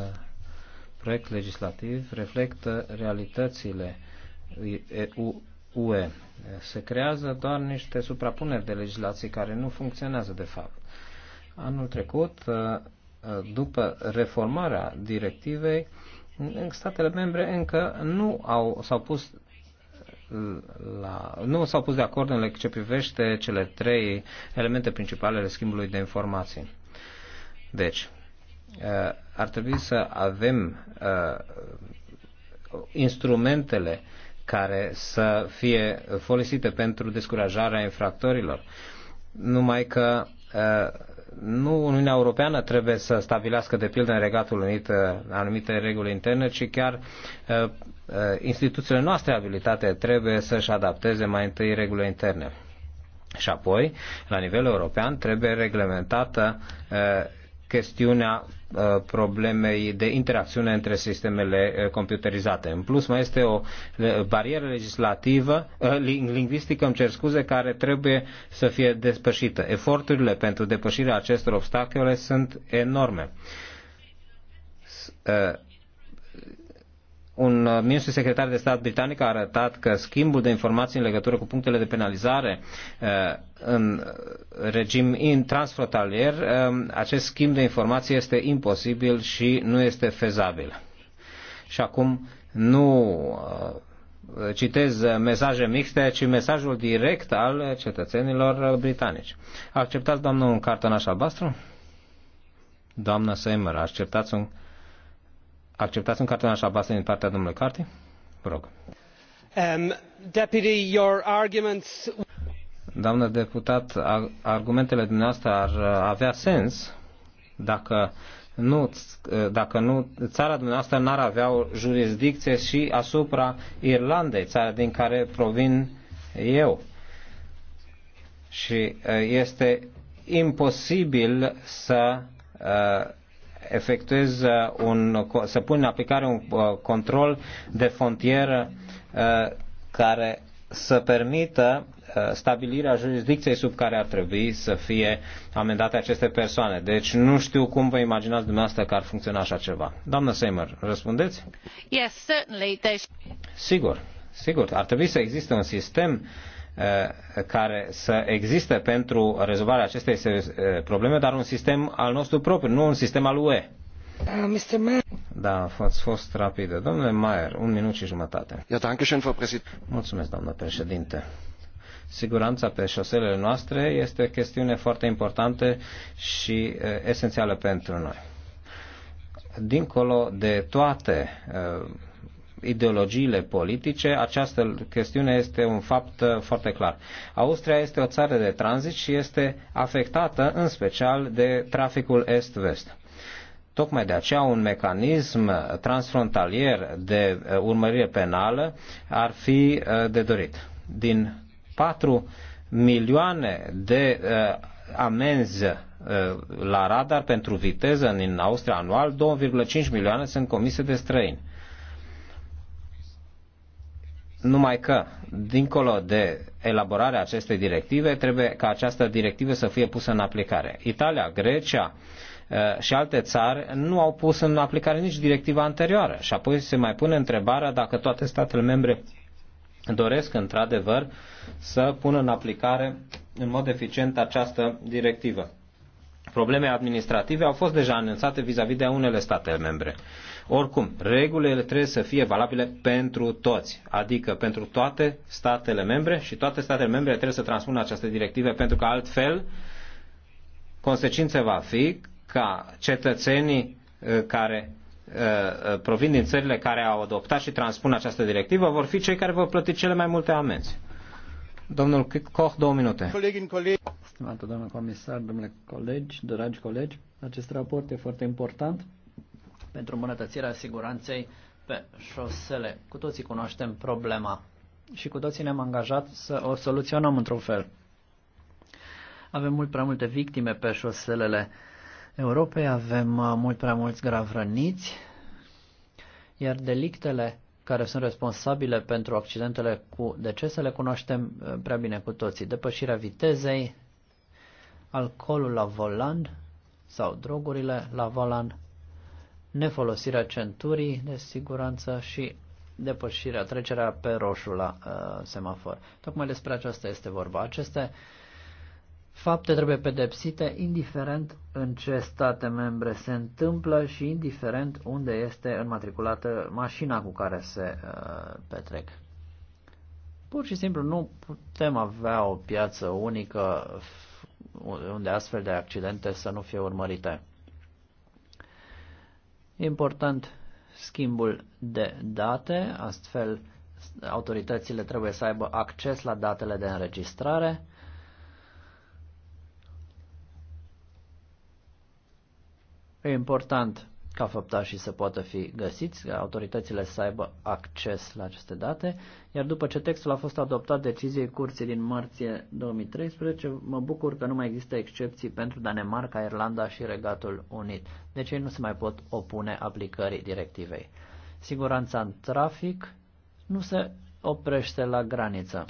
A: proiect legislativ reflectă realitățile UE. Se creează doar niște suprapuneri de legislații care nu funcționează de fapt. Anul trecut, uh, uh, după reformarea directivei, statele membre încă nu au, s-au pus la, nu s-au pus de acord în ce privește cele trei elemente principale ale schimbului de informații. Deci, eh, ar trebui să avem eh, instrumentele care să fie folosite pentru descurajarea infractorilor. Numai că eh, nu Uniunea Europeană trebuie să stabilească, de pildă, în Regatul Unit uh, anumite reguli interne, ci chiar uh, uh, instituțiile noastre abilitate trebuie să-și adapteze mai întâi regulile interne. Și apoi, la nivel european, trebuie reglementată chestiunea uh, problemei de interacțiune între sistemele uh, computerizate. În plus, mai este o barieră legislativă, uh, lingvistică, îmi cer scuze, care trebuie să fie despășită. Eforturile pentru depășirea acestor obstacole sunt enorme un uh, ministru secretar de stat britanic a arătat că schimbul de informații în legătură cu punctele de penalizare uh, în regim transfrontalier, um, acest schimb de informații este imposibil și nu este fezabil. Și acum nu uh, citez mesaje mixte, ci mesajul direct al cetățenilor britanici. Acceptați, doamnă, un cartonaș albastru? Doamnă Seymour, acceptați un Acceptați un cartonaș albastru din partea domnului Carte? Vă rog. Um, deputy, your arguments... Doamnă deputat, argumentele dumneavoastră ar uh, avea sens dacă nu, uh, dacă nu, țara dumneavoastră n-ar avea o jurisdicție și asupra Irlandei, țara din care provin eu. Și uh, este imposibil să efectuez uh, un, să pun în aplicare un uh, control de frontieră uh, care să permită stabilirea jurisdicției sub care ar trebui să fie amendate aceste persoane. Deci nu știu cum vă imaginați dumneavoastră că ar funcționa așa ceva. Doamnă Seymour, răspundeți?
C: Yes, certainly.
A: Sigur, sigur. Ar trebui să existe un sistem uh, Eh, care să existe pentru rezolvarea acestei eh, probleme, dar un sistem al nostru propriu, nu un sistem al UE.
F: Uh,
A: da, ați fost rapidă. Domnule Mayer, un minut și jumătate. Ja, Mulțumesc, doamnă președinte. Siguranța pe șoselele noastre este o chestiune foarte importantă și eh, esențială pentru noi. Dincolo de toate ideologiile politice, această chestiune este un fapt uh, foarte clar. Austria este o țară de tranzit și este afectată în special de traficul est-vest. Tocmai de aceea un mecanism transfrontalier de uh, urmărire penală ar fi uh, de dorit. Din 4 milioane de amenzi la radar pentru viteză în Austria anual, 2,5 milioane sunt comise de străini. Numai că, dincolo de elaborarea acestei directive, trebuie ca această directivă să fie pusă în aplicare. Italia, Grecia uh, și alte țări nu au pus în aplicare nici directiva anterioară. Și apoi se mai pune întrebarea dacă toate statele membre doresc într-adevăr să pună în aplicare în mod eficient această directivă probleme administrative au fost deja anunțate vis-a-vis de unele state membre. Oricum, regulile trebuie să fie valabile pentru toți, adică pentru toate statele membre și toate statele membre trebuie să transpună aceste directive pentru că altfel consecința va fi ca cetățenii uh, care uh, provin din țările care au adoptat și transpun această directivă vor fi cei care vor plăti cele mai multe amenzi. Domnul Koch, două minute.
D: Stimată doamnă comisar, domnule colegi, dragi colegi, acest raport e foarte important pentru îmbunătățirea siguranței pe șosele. Cu toții cunoaștem problema și cu toții ne-am angajat să o soluționăm într-un fel. Avem mult prea multe victime pe șoselele Europei, avem uh, mult prea mulți grav răniți, iar delictele care sunt responsabile pentru accidentele cu decese le cunoaștem uh, prea bine cu toții. Depășirea vitezei, alcoolul la volan sau drogurile la volan, nefolosirea centurii de siguranță și depășirea, trecerea pe roșu la uh, semafor. Tocmai despre aceasta este vorba. Aceste uh, fapte trebuie pedepsite indiferent în ce state membre se întâmplă și indiferent unde este înmatriculată mașina cu care se uh, petrec. Pur și simplu nu putem avea o piață unică unde astfel de accidente să nu fie urmărite. Important schimbul de date, astfel autoritățile trebuie să aibă acces la datele de înregistrare, E important ca făptașii să poată fi găsiți, ca autoritățile să aibă acces la aceste date, iar după ce textul a fost adoptat deciziei curții din martie 2013, mă bucur că nu mai există excepții pentru Danemarca, Irlanda și Regatul Unit, deci ei nu se mai pot opune aplicării directivei. Siguranța în trafic nu se oprește la graniță.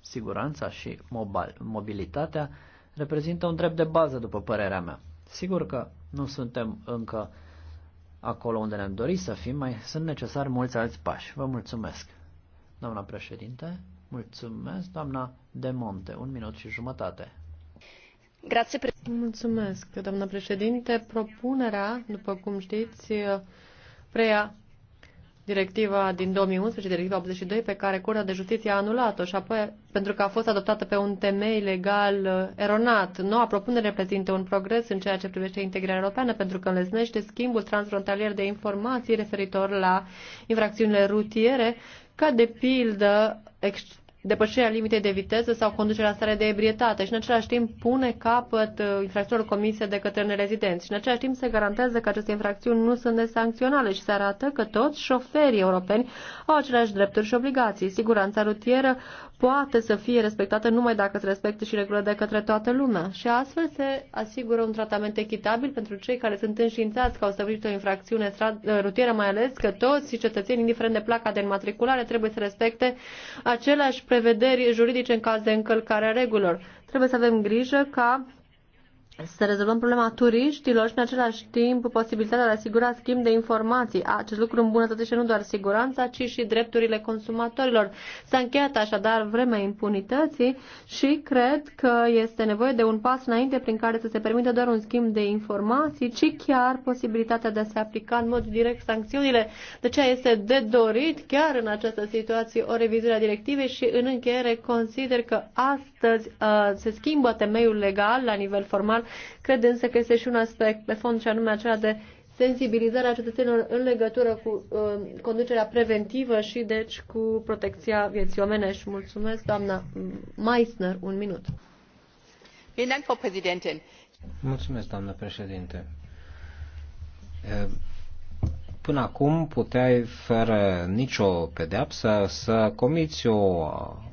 D: Siguranța și mobilitatea reprezintă un drept de bază, după părerea mea. Sigur că nu suntem încă acolo unde ne-am dorit să fim, mai sunt necesari mulți alți pași. Vă mulțumesc, doamna președinte, mulțumesc, doamna De Monte, un minut și jumătate.
C: Grație, pre- mulțumesc, doamna președinte. Propunerea, după cum știți, preia directiva din 2011, directiva 82, pe care Curtea de Justiție a anulat-o și apoi pentru că a fost adoptată pe un temei legal uh, eronat. Noua propunere reprezintă un progres în ceea ce privește integrarea europeană pentru că înlesnește schimbul transfrontalier de informații referitor la infracțiunile rutiere, ca de pildă depășirea limitei de viteză sau conducerea stare de ebrietate și în același timp pune capăt uh, infracțiunilor comise de către nerezidenți. Și în același timp se garantează că aceste infracțiuni nu sunt nesancționale și se arată că toți șoferii europeni au aceleași drepturi și obligații. Siguranța rutieră poate să fie respectată numai dacă se respectă și regulile de către toată lumea. Și astfel se asigură un tratament echitabil pentru cei care sunt înștiințați că au stăvilit o infracțiune eh, rutieră, mai ales că toți cetățenii, indiferent de placa de înmatriculare, trebuie să respecte aceleași prevederi juridice în caz de încălcare a regulilor. Trebuie să avem grijă ca să rezolvăm problema turiștilor și în același timp posibilitatea de a asigura schimb de informații. Acest lucru îmbunătățește nu doar siguranța, ci și drepturile consumatorilor. S-a încheiat așadar vremea impunității și cred că este nevoie de un pas înainte prin care să se permită doar un schimb de informații, ci chiar posibilitatea de a se aplica în mod direct sancțiunile. De ce este de dorit chiar în această situație o revizuire a directivei și în încheiere consider că astăzi uh, se schimbă temeiul legal la nivel formal Cred însă că este și un aspect pe fond și anume acela de sensibilizarea cetățenilor în legătură cu uh, conducerea preventivă și deci cu protecția vieții omenești. Mulțumesc, doamna Meissner, un minut.
A: Mulțumesc, doamnă președinte. Până acum puteai, fără nicio pedeapsă, să comiți o,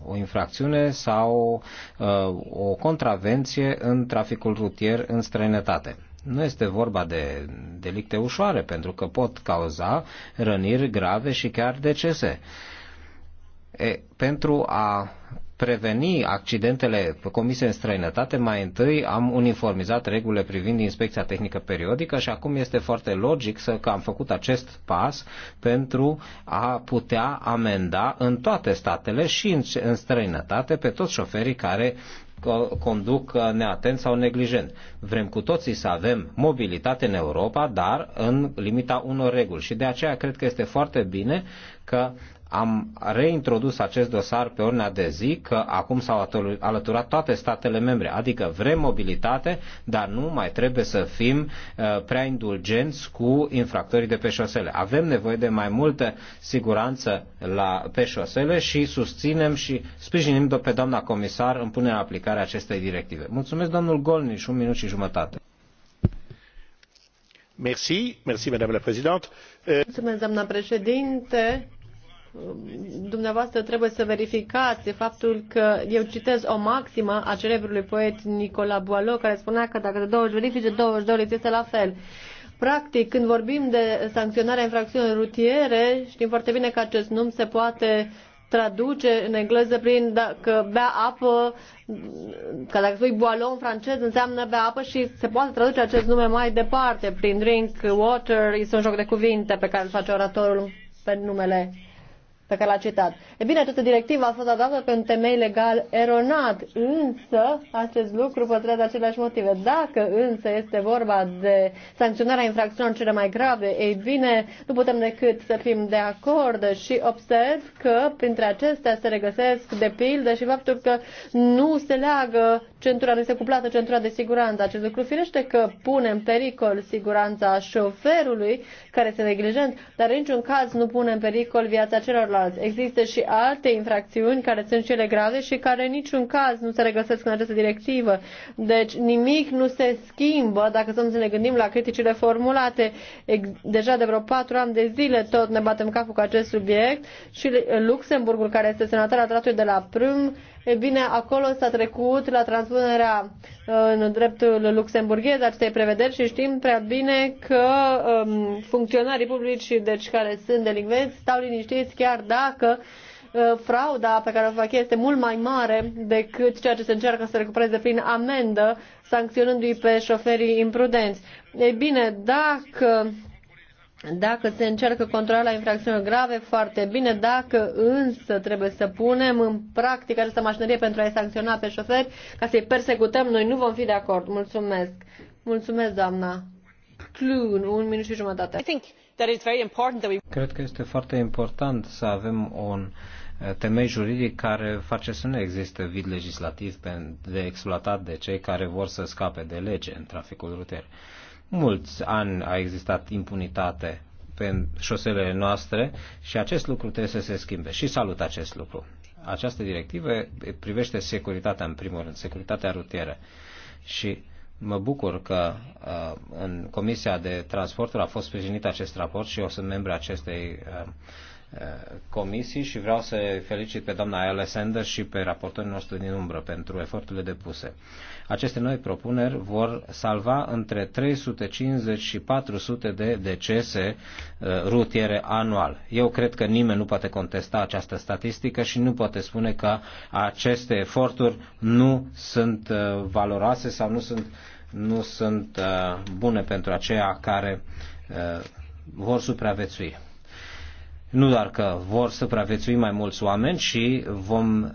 A: o infracțiune sau uh, o contravenție în traficul rutier în străinătate. Nu este vorba de delicte ușoare, pentru că pot cauza răniri grave și chiar decese. E, pentru a preveni accidentele comise în străinătate, mai întâi am uniformizat regulile privind inspecția tehnică periodică și acum este foarte logic să că am făcut acest pas pentru a putea amenda în toate statele și în, în străinătate pe toți șoferii care conduc neatent sau neglijent. Vrem cu toții să avem mobilitate în Europa, dar în limita unor reguli. Și de aceea cred că este foarte bine că am reintrodus acest dosar pe ordinea de zi, că acum s-au alăturat toate statele membre. Adică vrem mobilitate, dar nu mai trebuie să fim uh, prea indulgenți cu infractorii de pe șosele. Avem nevoie de mai multă siguranță la, pe șosele și susținem și sprijinim pe doamna comisar în punerea aplicare acestei directive. Mulțumesc, domnul Golniș, un minut și jumătate.
C: Merci, merci, madame la présidente. Euh, Mulțumesc, doamna președinte dumneavoastră trebuie să verificați faptul că eu citez o maximă a celebrului poet Nicola Boileau care spunea că dacă de 20 verifice, 22 le este la fel. Practic, când vorbim de sancționarea infracțiunilor rutiere, știm foarte bine că acest num se poate traduce în engleză prin dacă bea apă, ca dacă spui boalou în francez, înseamnă bea apă și se poate traduce acest nume mai departe prin drink, water, este un joc de cuvinte pe care îl face oratorul pe numele pe care l-a citat. E bine, această directivă a fost adată pe un temei legal eronat, însă acest lucru pătrează aceleași motive. Dacă însă este vorba de sancționarea infracțiunilor cele mai grave, ei bine, nu putem decât să fim de acord și observ că printre acestea se regăsesc de pildă și faptul că nu se leagă centura, nu se cuplată centura de siguranță. Acest lucru firește că pune în pericol siguranța șoferului care este neglijent, dar în niciun caz nu pune în pericol viața celorlalți caz. Există și alte infracțiuni care sunt cele grave și care în niciun caz nu se regăsesc în această directivă. Deci nimic nu se schimbă dacă să ne gândim la criticile formulate. Deja de vreo patru ani de zile tot ne batem capul cu acest subiect și Luxemburgul, care este senator al tratului de la Prâm, E bine, acolo s-a trecut la transpunerea uh, în dreptul luxemburghez acestei prevederi și știm prea bine că um, funcționarii publici, deci care sunt delinvenți, stau liniștiți chiar dacă uh, frauda pe care o fac este mult mai mare decât ceea ce se încearcă să recupereze prin amendă, sancționându-i pe șoferii imprudenți. E bine, dacă dacă se încearcă controla infracțiunilor grave, foarte bine. Dacă însă trebuie să punem în practică această mașinărie pentru a-i sancționa pe șoferi, ca să-i persecutăm, noi nu vom fi de acord. Mulțumesc. Mulțumesc, doamna. Clun, un minut și jumătate.
A: Cred că este foarte important să avem un uh, temei juridic care face să nu existe vid legislativ de exploatat de cei care vor să scape de lege în traficul rutier mulți ani a existat impunitate pe șoselele noastre și acest lucru trebuie să se schimbe și salut acest lucru. Această directivă privește securitatea, în primul rând, securitatea rutieră și mă bucur că uh, în Comisia de Transporturi a fost sprijinit acest raport și eu sunt membru acestei uh, uh comisii și vreau să felicit pe doamna Alexander și pe raportorul nostru din umbră pentru eforturile depuse. Uh, aceste noi propuneri vor salva între 350 și 400 de decese uh, rutiere anual. Eu cred că nimeni nu poate contesta această statistică și nu poate spune că aceste eforturi nu sunt uh, valoroase sau nu sunt, nu sunt uh, bune pentru aceia care vor supraviețui nu doar că vor supraviețui mai mulți oameni, și vom uh,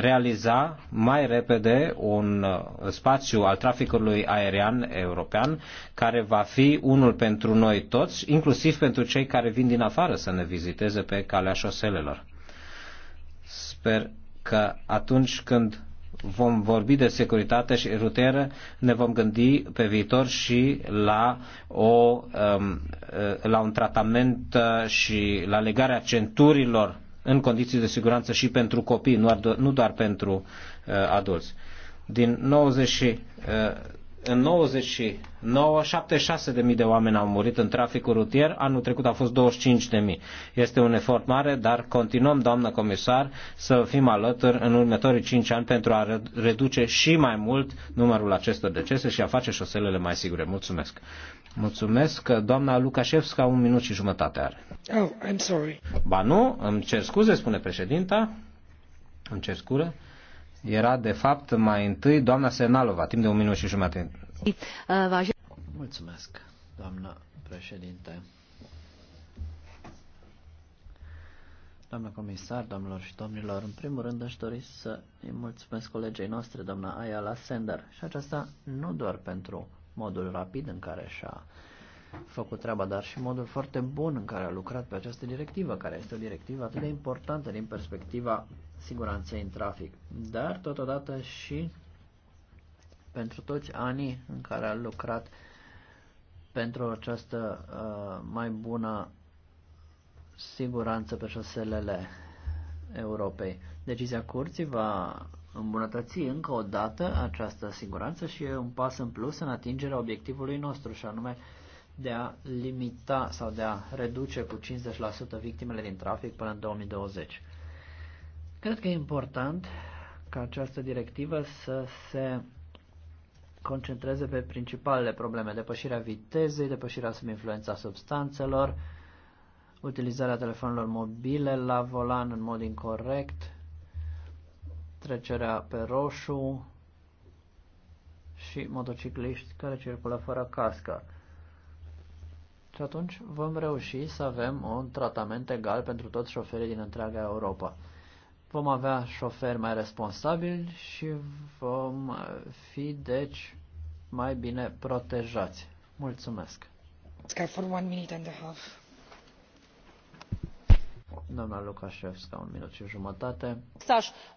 A: realiza mai repede un uh, spațiu al traficului aerian european care va fi unul pentru noi toți, inclusiv pentru cei care vin din afară să ne viziteze pe calea șoselelor. Sper că atunci când vom vorbi de securitate și rutieră, ne vom gândi pe viitor și la, o, um, uh, la un tratament uh, și la legarea centurilor în condiții de siguranță și pentru copii, nu doar pentru uh, adulți. Din 90 în 99, 76 de oameni au murit în traficul rutier, anul trecut a fost mii. Este un efort mare, dar continuăm, doamnă comisar, să fim alături în următorii 5 ani pentru a reduce și mai mult numărul acestor decese și a face șoselele mai sigure. Mulțumesc! Mulțumesc, doamna Lukașevska, un minut și jumătate are. Oh, I'm sorry. Ba nu, îmi cer scuze, spune președinta. Îmi cer scuze era de fapt mai întâi doamna Senalova, timp de un minut și jumătate.
D: Mulțumesc, doamna președinte. Doamna comisar, doamnelor și domnilor, în primul rând aș dori să îi mulțumesc colegei noastre, doamna Ayala Sender, și aceasta nu doar pentru modul rapid în care și-a făcut treaba, dar și modul foarte bun în care a lucrat pe această directivă, care este o directivă atât de importantă din perspectiva siguranței în trafic, dar totodată și pentru toți anii în care a lucrat pentru această uh, mai bună siguranță pe șoselele Europei. Decizia curții va îmbunătăți încă o dată această siguranță și e un pas în plus în atingerea obiectivului nostru și anume de a limita sau de a reduce cu 50% victimele din trafic până în 2020. Cred că e important ca această directivă să se concentreze pe principalele probleme, depășirea vitezei, depășirea sub influența substanțelor, utilizarea telefonelor mobile la volan în mod incorrect, trecerea pe roșu și motocicliști care circulă fără cască. Și atunci vom reuși să avem un tratament egal pentru toți șoferii din întreaga Europa vom avea șoferi mai responsabili și vom fi, deci, mai bine protejați. Mulțumesc!
C: For one minute and a half.
D: Doamna Lukashevska, un minut și jumătate.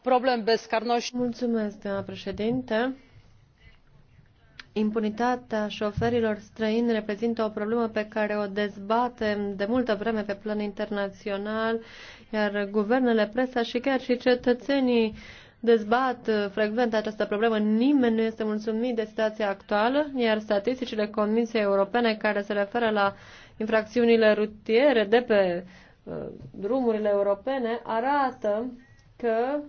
C: Problem bezcarnoși. Mulțumesc, doamna președinte. Impunitatea șoferilor străini reprezintă o problemă pe care o dezbatem de multă vreme pe plan internațional iar guvernele, presa și chiar și cetățenii dezbat frecvent această problemă. Nimeni nu este mulțumit de situația actuală, iar statisticile Comisiei Europene care se referă la infracțiunile rutiere de pe uh, drumurile europene arată că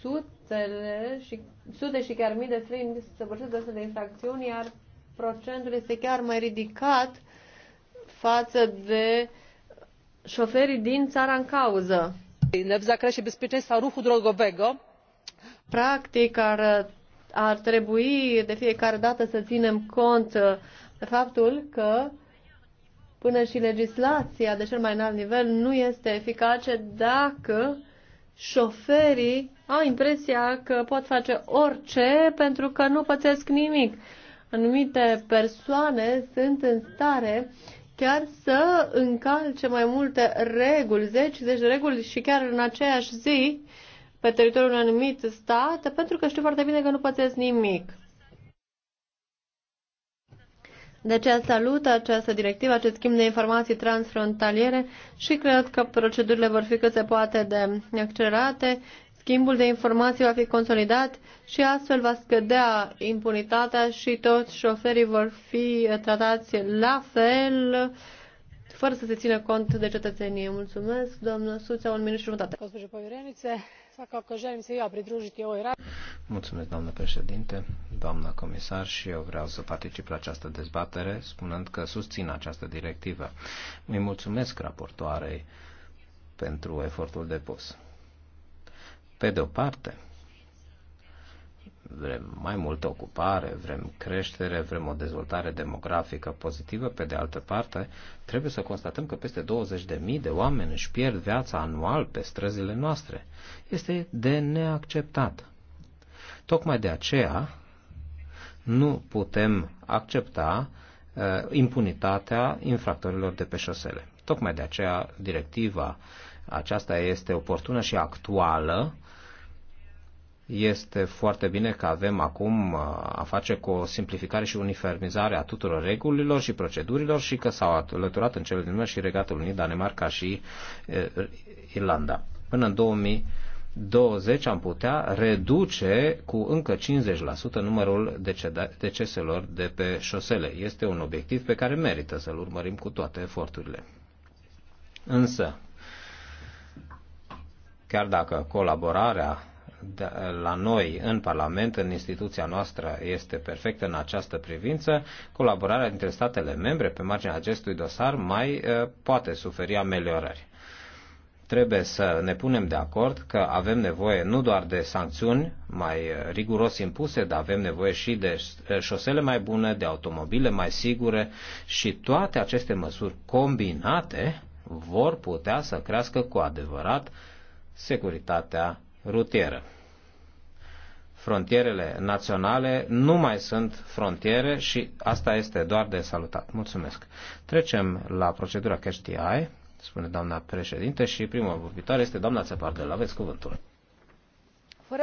C: sutele și, sute și chiar mii de frini se vorbesc de infracțiuni, iar procentul este chiar mai ridicat față de șoferii din țara în cauză. ruchu Practic ar, ar trebui de fiecare dată să ținem cont de faptul că până și legislația de cel mai înalt nivel nu este eficace dacă șoferii au impresia că pot face orice pentru că nu pățesc nimic. Anumite persoane sunt în stare chiar să încalce mai multe reguli, zeci de reguli și chiar în aceeași zi pe teritoriul unui anumit stat, pentru că știu foarte bine că nu pățesc nimic. De aceea salută această directivă, acest schimb de informații transfrontaliere și cred că procedurile vor fi cât se poate de accelerate Schimbul de informații va fi consolidat și astfel va scădea impunitatea și toți șoferii vor fi tratați la fel fără să se țină cont de cetățenie. Mulțumesc, doamnă Suța, un minut și jumătate.
A: Mulțumesc, doamnă președinte, doamnă comisar și eu vreau să particip la această dezbatere spunând că susțin această directivă. Îi mulțumesc raportoarei pentru efortul depus. Pe de o parte, vrem mai multă ocupare, vrem creștere, vrem o dezvoltare demografică pozitivă, pe de altă parte, trebuie să constatăm că peste 20.000 de oameni își pierd viața anual pe străzile noastre. Este de neacceptat. Tocmai de aceea nu putem accepta uh, impunitatea infractorilor de pe șosele. Tocmai de aceea directiva aceasta este oportună și actuală este foarte bine că avem acum uh, a face cu o simplificare și uniformizare a tuturor regulilor și procedurilor și că s-au alăturat în cele din urmă și Regatul Unit, Danemarca și uh, Irlanda. Până în 2020 am putea reduce cu încă 50% numărul deceselor de pe șosele. Este un obiectiv pe care merită să-l urmărim cu toate eforturile. Însă, chiar dacă colaborarea da, la noi în Parlament, în instituția noastră, este perfectă în această privință, colaborarea dintre statele membre pe marginea acestui dosar mai poate suferi ameliorări. Trebuie să ne punem de acord că avem nevoie nu doar de sancțiuni mai riguros impuse, dar avem nevoie și de șosele mai bune, de automobile mai sigure și toate aceste măsuri combinate vor putea să crească cu adevărat securitatea rutieră. Frontierele naționale nu mai sunt frontiere și asta este doar de salutat. Mulțumesc. Trecem la procedura Cash DI, spune doamna președinte, și prima vorbitoare este doamna Țepardel. Aveți cuvântul.
B: Fără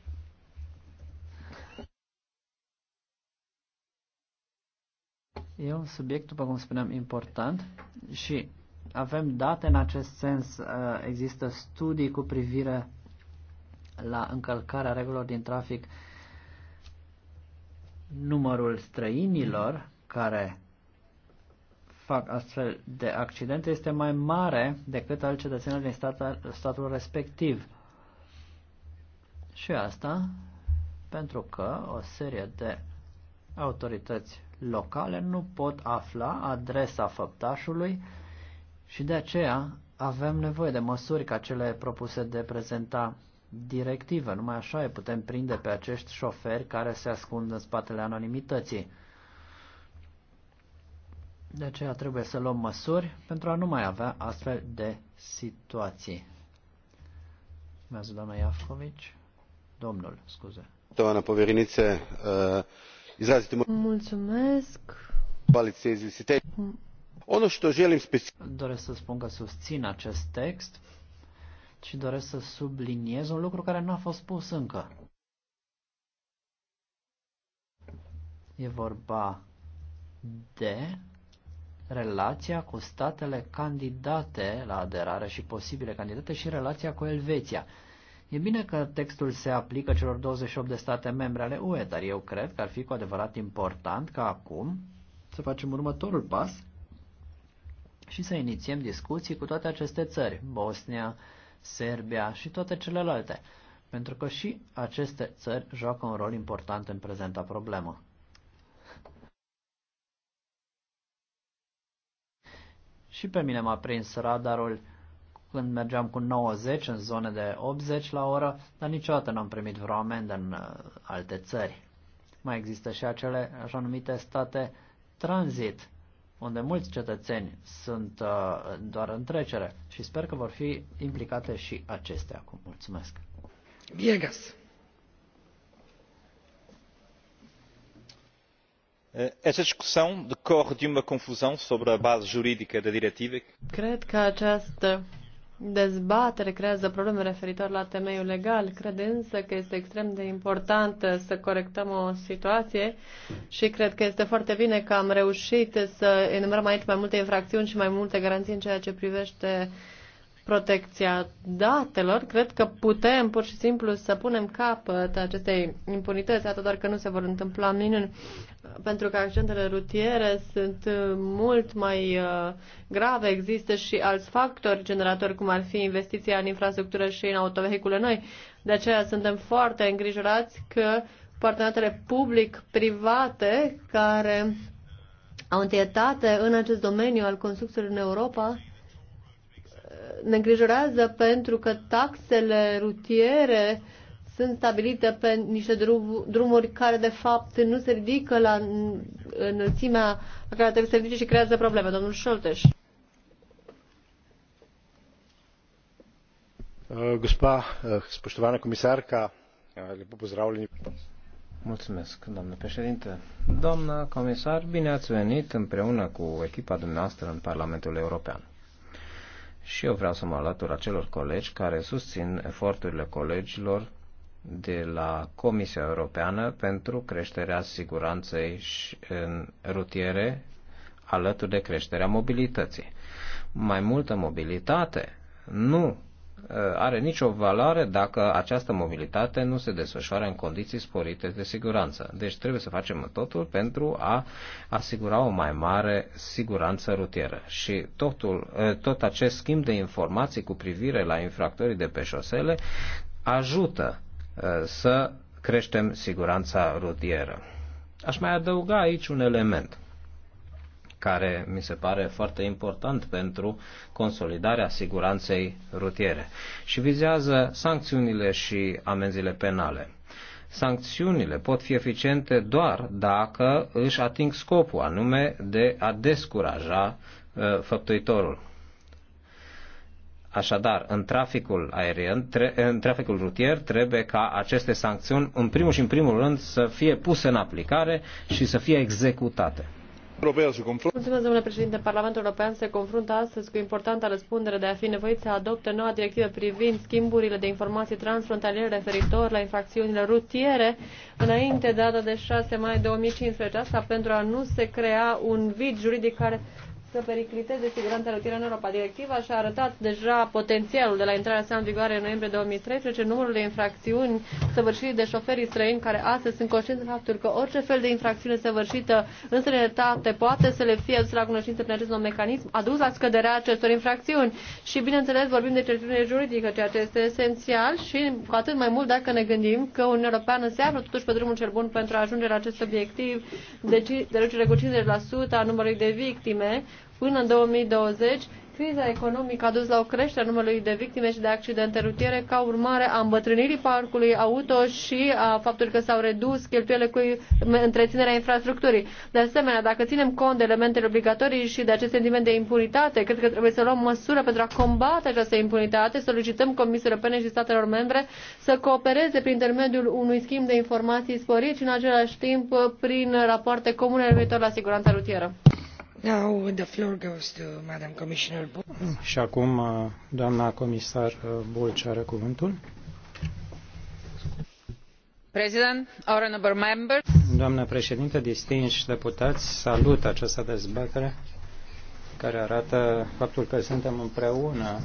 D: E un subiect, după cum spuneam, important și avem date în acest sens. Uh, există studii cu privire la încălcarea regulilor din trafic. Numărul străinilor care fac astfel de accidente este mai mare decât al cetățenilor din statul respectiv. Și asta pentru că o serie de autorități locale nu pot afla adresa făptașului și de aceea avem nevoie de măsuri ca cele propuse de prezenta directivă. Numai așa îi putem prinde pe acești șoferi care se ascund în spatele anonimității. De aceea trebuie să luăm măsuri pentru a nu mai avea astfel de situații. Mulțumesc, doamna Iafcovici. Domnul, scuze. Doamna Poverinițe, uh izraziti Mulțumesc. Ono što želim Doresc să spun că susțin acest text și doresc să subliniez un lucru care nu a fost spus încă. E vorba de relația cu statele candidate la aderare și posibile candidate și relația cu Elveția. E bine că textul se aplică celor 28 de state membre ale UE, dar eu cred că ar fi cu adevărat important ca acum să facem următorul pas și să inițiem discuții cu toate aceste țări, Bosnia, Serbia și toate celelalte, pentru că și aceste țări joacă un rol important în prezenta problemă. Și pe mine m-a prins radarul când mergeam cu 90 în zone de 80 la oră, dar niciodată n-am primit vreo amendă în uh, alte țări. Mai există și acele așa numite state tranzit, unde mulți cetățeni sunt uh, doar în trecere și sper că vor fi implicate și acestea acum. Mulțumesc! Viegas. Eh, esta
A: discussão decorre de uma confusão sobre a base jurídica da diretiva.
C: Cred că această dezbatere creează probleme referitor la temeiul legal. Cred însă că este extrem de important să corectăm o situație și cred că este foarte bine că am reușit să enumerăm aici mai multe infracțiuni și mai multe garanții în ceea ce privește uh, protecția datelor, cred că putem pur și simplu să punem capăt acestei impunități, atât doar că nu se vor întâmpla minuni, pentru că accidentele rutiere sunt mult mai uh, grave, există și alți factori generatori, cum ar fi investiția în infrastructură și în autovehicule noi. De aceea suntem foarte îngrijorați că parteneriatele public-private care au întâietate în acest domeniu al construcțiilor în Europa ne îngrijorează pentru că taxele rutiere sunt stabilite pe niște drumuri care de fapt nu se ridică la înălțimea la care trebuie să se ridice și creează probleme. Domnul Șolteș.
F: Uh, gospa uh, spoštovana comisarca, uh,
A: lepo pozdravljeni. Mulțumesc, doamnă președinte. Doamnă comisar, bine ați venit împreună cu echipa dumneavoastră în Parlamentul European. Și eu vreau să mă alătur acelor colegi care susțin eforturile colegilor de la Comisia Europeană pentru creșterea siguranței și în rutiere alături de creșterea mobilității. Mai multă mobilitate nu Uh, are nicio valoare dacă această mobilitate nu se desfășoară în condiții sporite de siguranță. Deci trebuie să facem totul pentru a asigura o mai mare siguranță rutieră. Și totul, uh, tot acest schimb de informații cu privire la infractorii de pe șosele ajută uh, să creștem siguranța rutieră. Aș mai adăuga aici un element care mi se pare foarte important pentru consolidarea siguranței rutiere și vizează sancțiunile și amenziile penale. Sancțiunile pot fi eficiente doar dacă își ating scopul, anume de a descuraja uh, făptuitorul. Așadar, în traficul aerian, tre- în traficul rutier, trebuie ca aceste sancțiuni, în primul și în primul rând, să fie puse în aplicare și să fie executate
C: președinte. Parlamentul European se confruntă astăzi cu importanta răspundere de a fi nevoit să adopte noua directivă privind schimburile de informații transfrontaliere referitor la infracțiunile rutiere înainte de data de șase mai cincisprezece aceasta pentru a nu se crea un vid juridic care să pericliteze siguranța rutieră în Europa. Directiva și-a arătat deja potențialul de la intrarea sa în vigoare în noiembrie 2013, numărul de infracțiuni săvârșite de șoferii străini care astăzi sunt conștienți de faptul că orice fel de infracțiune săvârșită în străinătate poate să le fie adusă la cunoștință prin acest nou mecanism, adus la scăderea acestor infracțiuni. Și bineînțeles vorbim de certitudine juridică, ceea ce este esențial și cu atât mai mult dacă ne gândim că Uniunea Europeană se află totuși pe drumul cel bun pentru a ajunge la acest obiectiv de reducere cu 50% a numărului de victime Până în 2020, criza economică a dus la o creștere a numărului de victime și de accidente rutiere ca urmare a îmbătrânirii parcului auto și a faptului că s-au redus cheltuielile cu întreținerea infrastructurii. De asemenea, dacă ținem cont de elementele obligatorii și de acest sentiment de impunitate, cred că trebuie să luăm măsură pentru a combate această impunitate. Solicităm Comisiei Europene și statelor membre să coopereze prin intermediul unui schimb de informații sporit și în același timp prin rapoarte comune referitor la siguranța rutieră.
F: Da, uh, mm, și acum uh, doamna comisar uh, Bulci are cuvântul. Doamnă președintă distinși deputați, salut această dezbatere care arată faptul că suntem împreună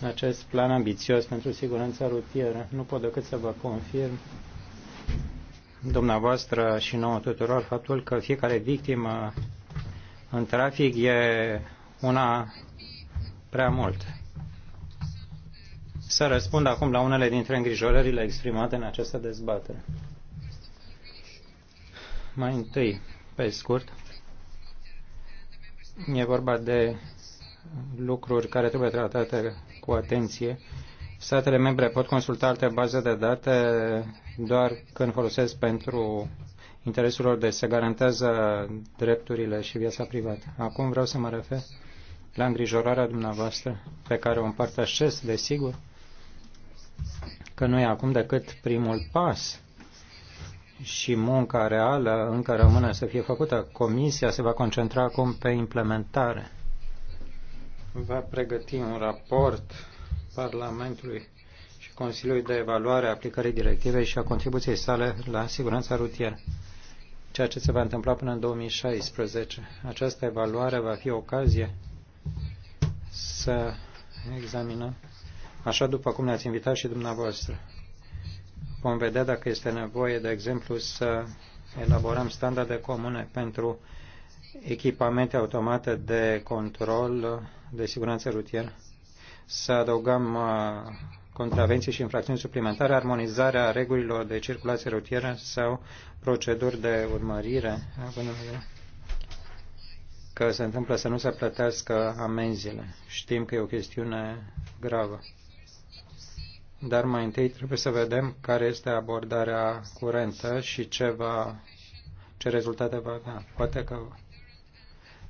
F: în acest plan ambițios pentru siguranța rutieră. Nu pot decât să vă confirm dumneavoastră și nouă tuturor faptul că fiecare victimă în trafic e una prea mult. Să răspund acum la unele dintre îngrijorările exprimate în această dezbatere. Mai întâi, pe scurt, e vorba de lucruri care trebuie tratate cu atenție. Statele membre pot consulta alte baze de date doar când folosesc pentru interesurilor, de se garantează drepturile și viața privată. Acum vreau să mă refer la îngrijorarea dumneavoastră, pe care o împărtășesc, desigur, că nu e acum decât primul pas și munca reală încă rămâne să fie făcută. Comisia se va concentra acum pe implementare. Va pregăti un raport Parlamentului și Consiliului de Evaluare a aplicării directivei și a contribuției sale la siguranța rutieră ceea ce se va întâmpla până în 2016. Această evaluare va fi ocazie să examinăm, așa după cum ne-ați invitat și dumneavoastră. Vom vedea dacă este nevoie, de exemplu, să elaborăm standarde comune pentru echipamente automate de control de siguranță rutieră, să adăugăm uh, contravenții și infracțiuni suplimentare, armonizarea regulilor de circulație rutieră sau proceduri de urmărire, că se întâmplă să nu se plătească amenziile. Știm că e o chestiune gravă. Dar mai întâi trebuie să vedem care este abordarea curentă și ce, va, ce rezultate va avea. Poate că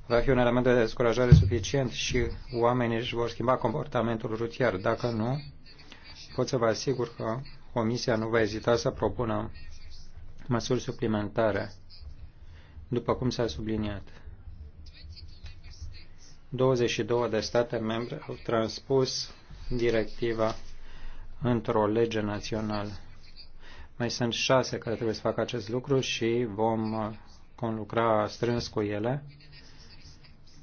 F: va fi un element de descurajare suficient și oamenii își vor schimba comportamentul rutier. Dacă nu, pot să vă asigur că Comisia nu va ezita să propună măsuri suplimentare, după cum s-a subliniat. 22 de state membre au transpus directiva într-o lege națională. Mai sunt șase care trebuie să facă acest lucru și vom uh, conlucra strâns cu ele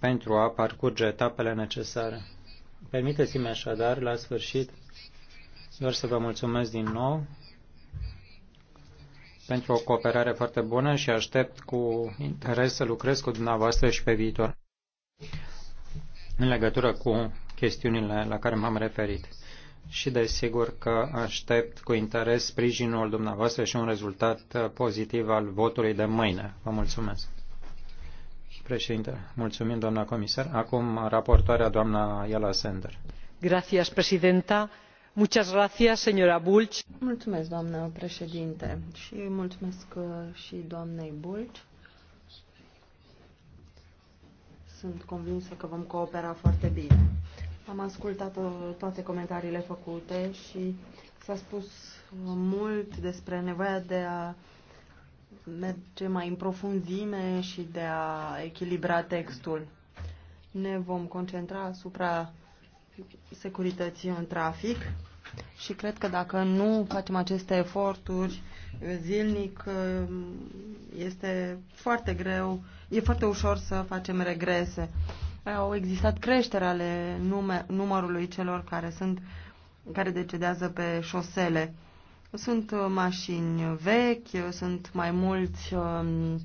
F: pentru a parcurge etapele necesare. Permiteți-mi așadar, la sfârșit, doar să vă mulțumesc din nou pentru o cooperare foarte bună și aștept cu interes să lucrez cu dumneavoastră și pe viitor în legătură cu chestiunile la care m-am referit. Și desigur că aștept cu interes sprijinul dumneavoastră și un rezultat pozitiv al votului de mâine. Vă mulțumesc. Președinte, mulțumim, doamna comisar. Acum, raportoarea doamna Iala Sender.
C: Gracias, presidenta. Mulțumesc, doamnă
E: președinte, și mulțumesc uh, și doamnei Bulc. Sunt convinsă că vom coopera foarte bine. Am ascultat uh, toate comentariile făcute și s-a spus uh, mult despre nevoia de a merge mai în profunzime și de a echilibra textul. Ne vom concentra asupra securității în trafic și cred că dacă nu facem aceste eforturi zilnic, um, este foarte greu, e foarte ușor să facem regrese. Au existat creșteri ale nume, numărului celor care, sunt, care decedează pe șosele. Sunt uh, mașini vechi, sunt mai mulți um,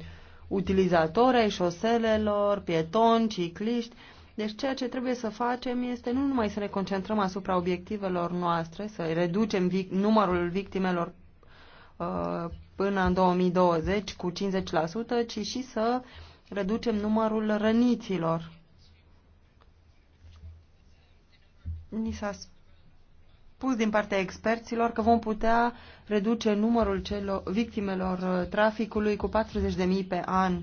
E: utilizatori ai șoselelor, pietoni, cicliști deci ceea ce trebuie să facem este nu numai să ne concentrăm asupra obiectivelor noastre, să reducem vic numărul victimelor uh, până în 2020 cu 50%, ci și să reducem numărul răniților. Ni s-a spus din partea experților că vom putea reduce numărul celor, victimelor uh, traficului cu 40.000 pe an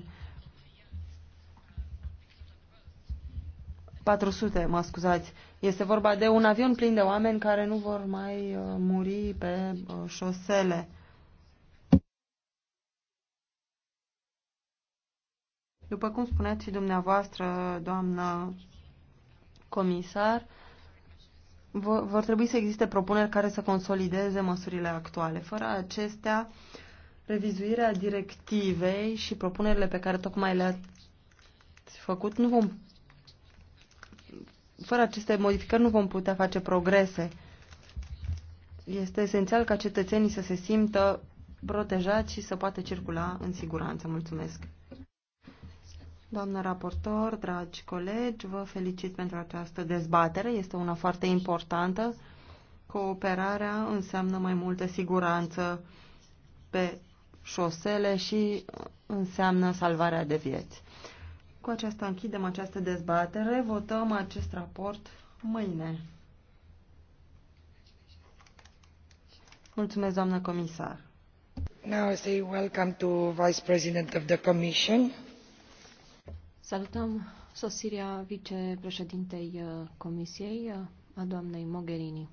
E: 400, mă scuzați. Este vorba de un avion plin de oameni care nu vor mai uh, muri pe uh, șosele. După cum spuneați și dumneavoastră, doamnă comisar, vor trebui să existe propuneri care să consolideze măsurile actuale. Fără acestea, revizuirea directivei și propunerile pe care tocmai le-ați făcut nu, vom, fără aceste modificări nu vom putea face progrese. Este esențial ca cetățenii să se simtă protejați și să poată circula în siguranță. Mulțumesc! Doamnă raportor, dragi colegi, vă felicit pentru această dezbatere. Este una foarte importantă. Cooperarea înseamnă mai multă siguranță pe șosele și înseamnă salvarea de vieți. Cu aceasta închidem această dezbatere. Votăm acest raport mâine. Mulțumesc, doamnă comisar.
B: Now I say welcome to Vice President of the Commission.
C: Salutăm sosirea vicepreședintei uh, Comisiei, uh, a doamnei Mogherini.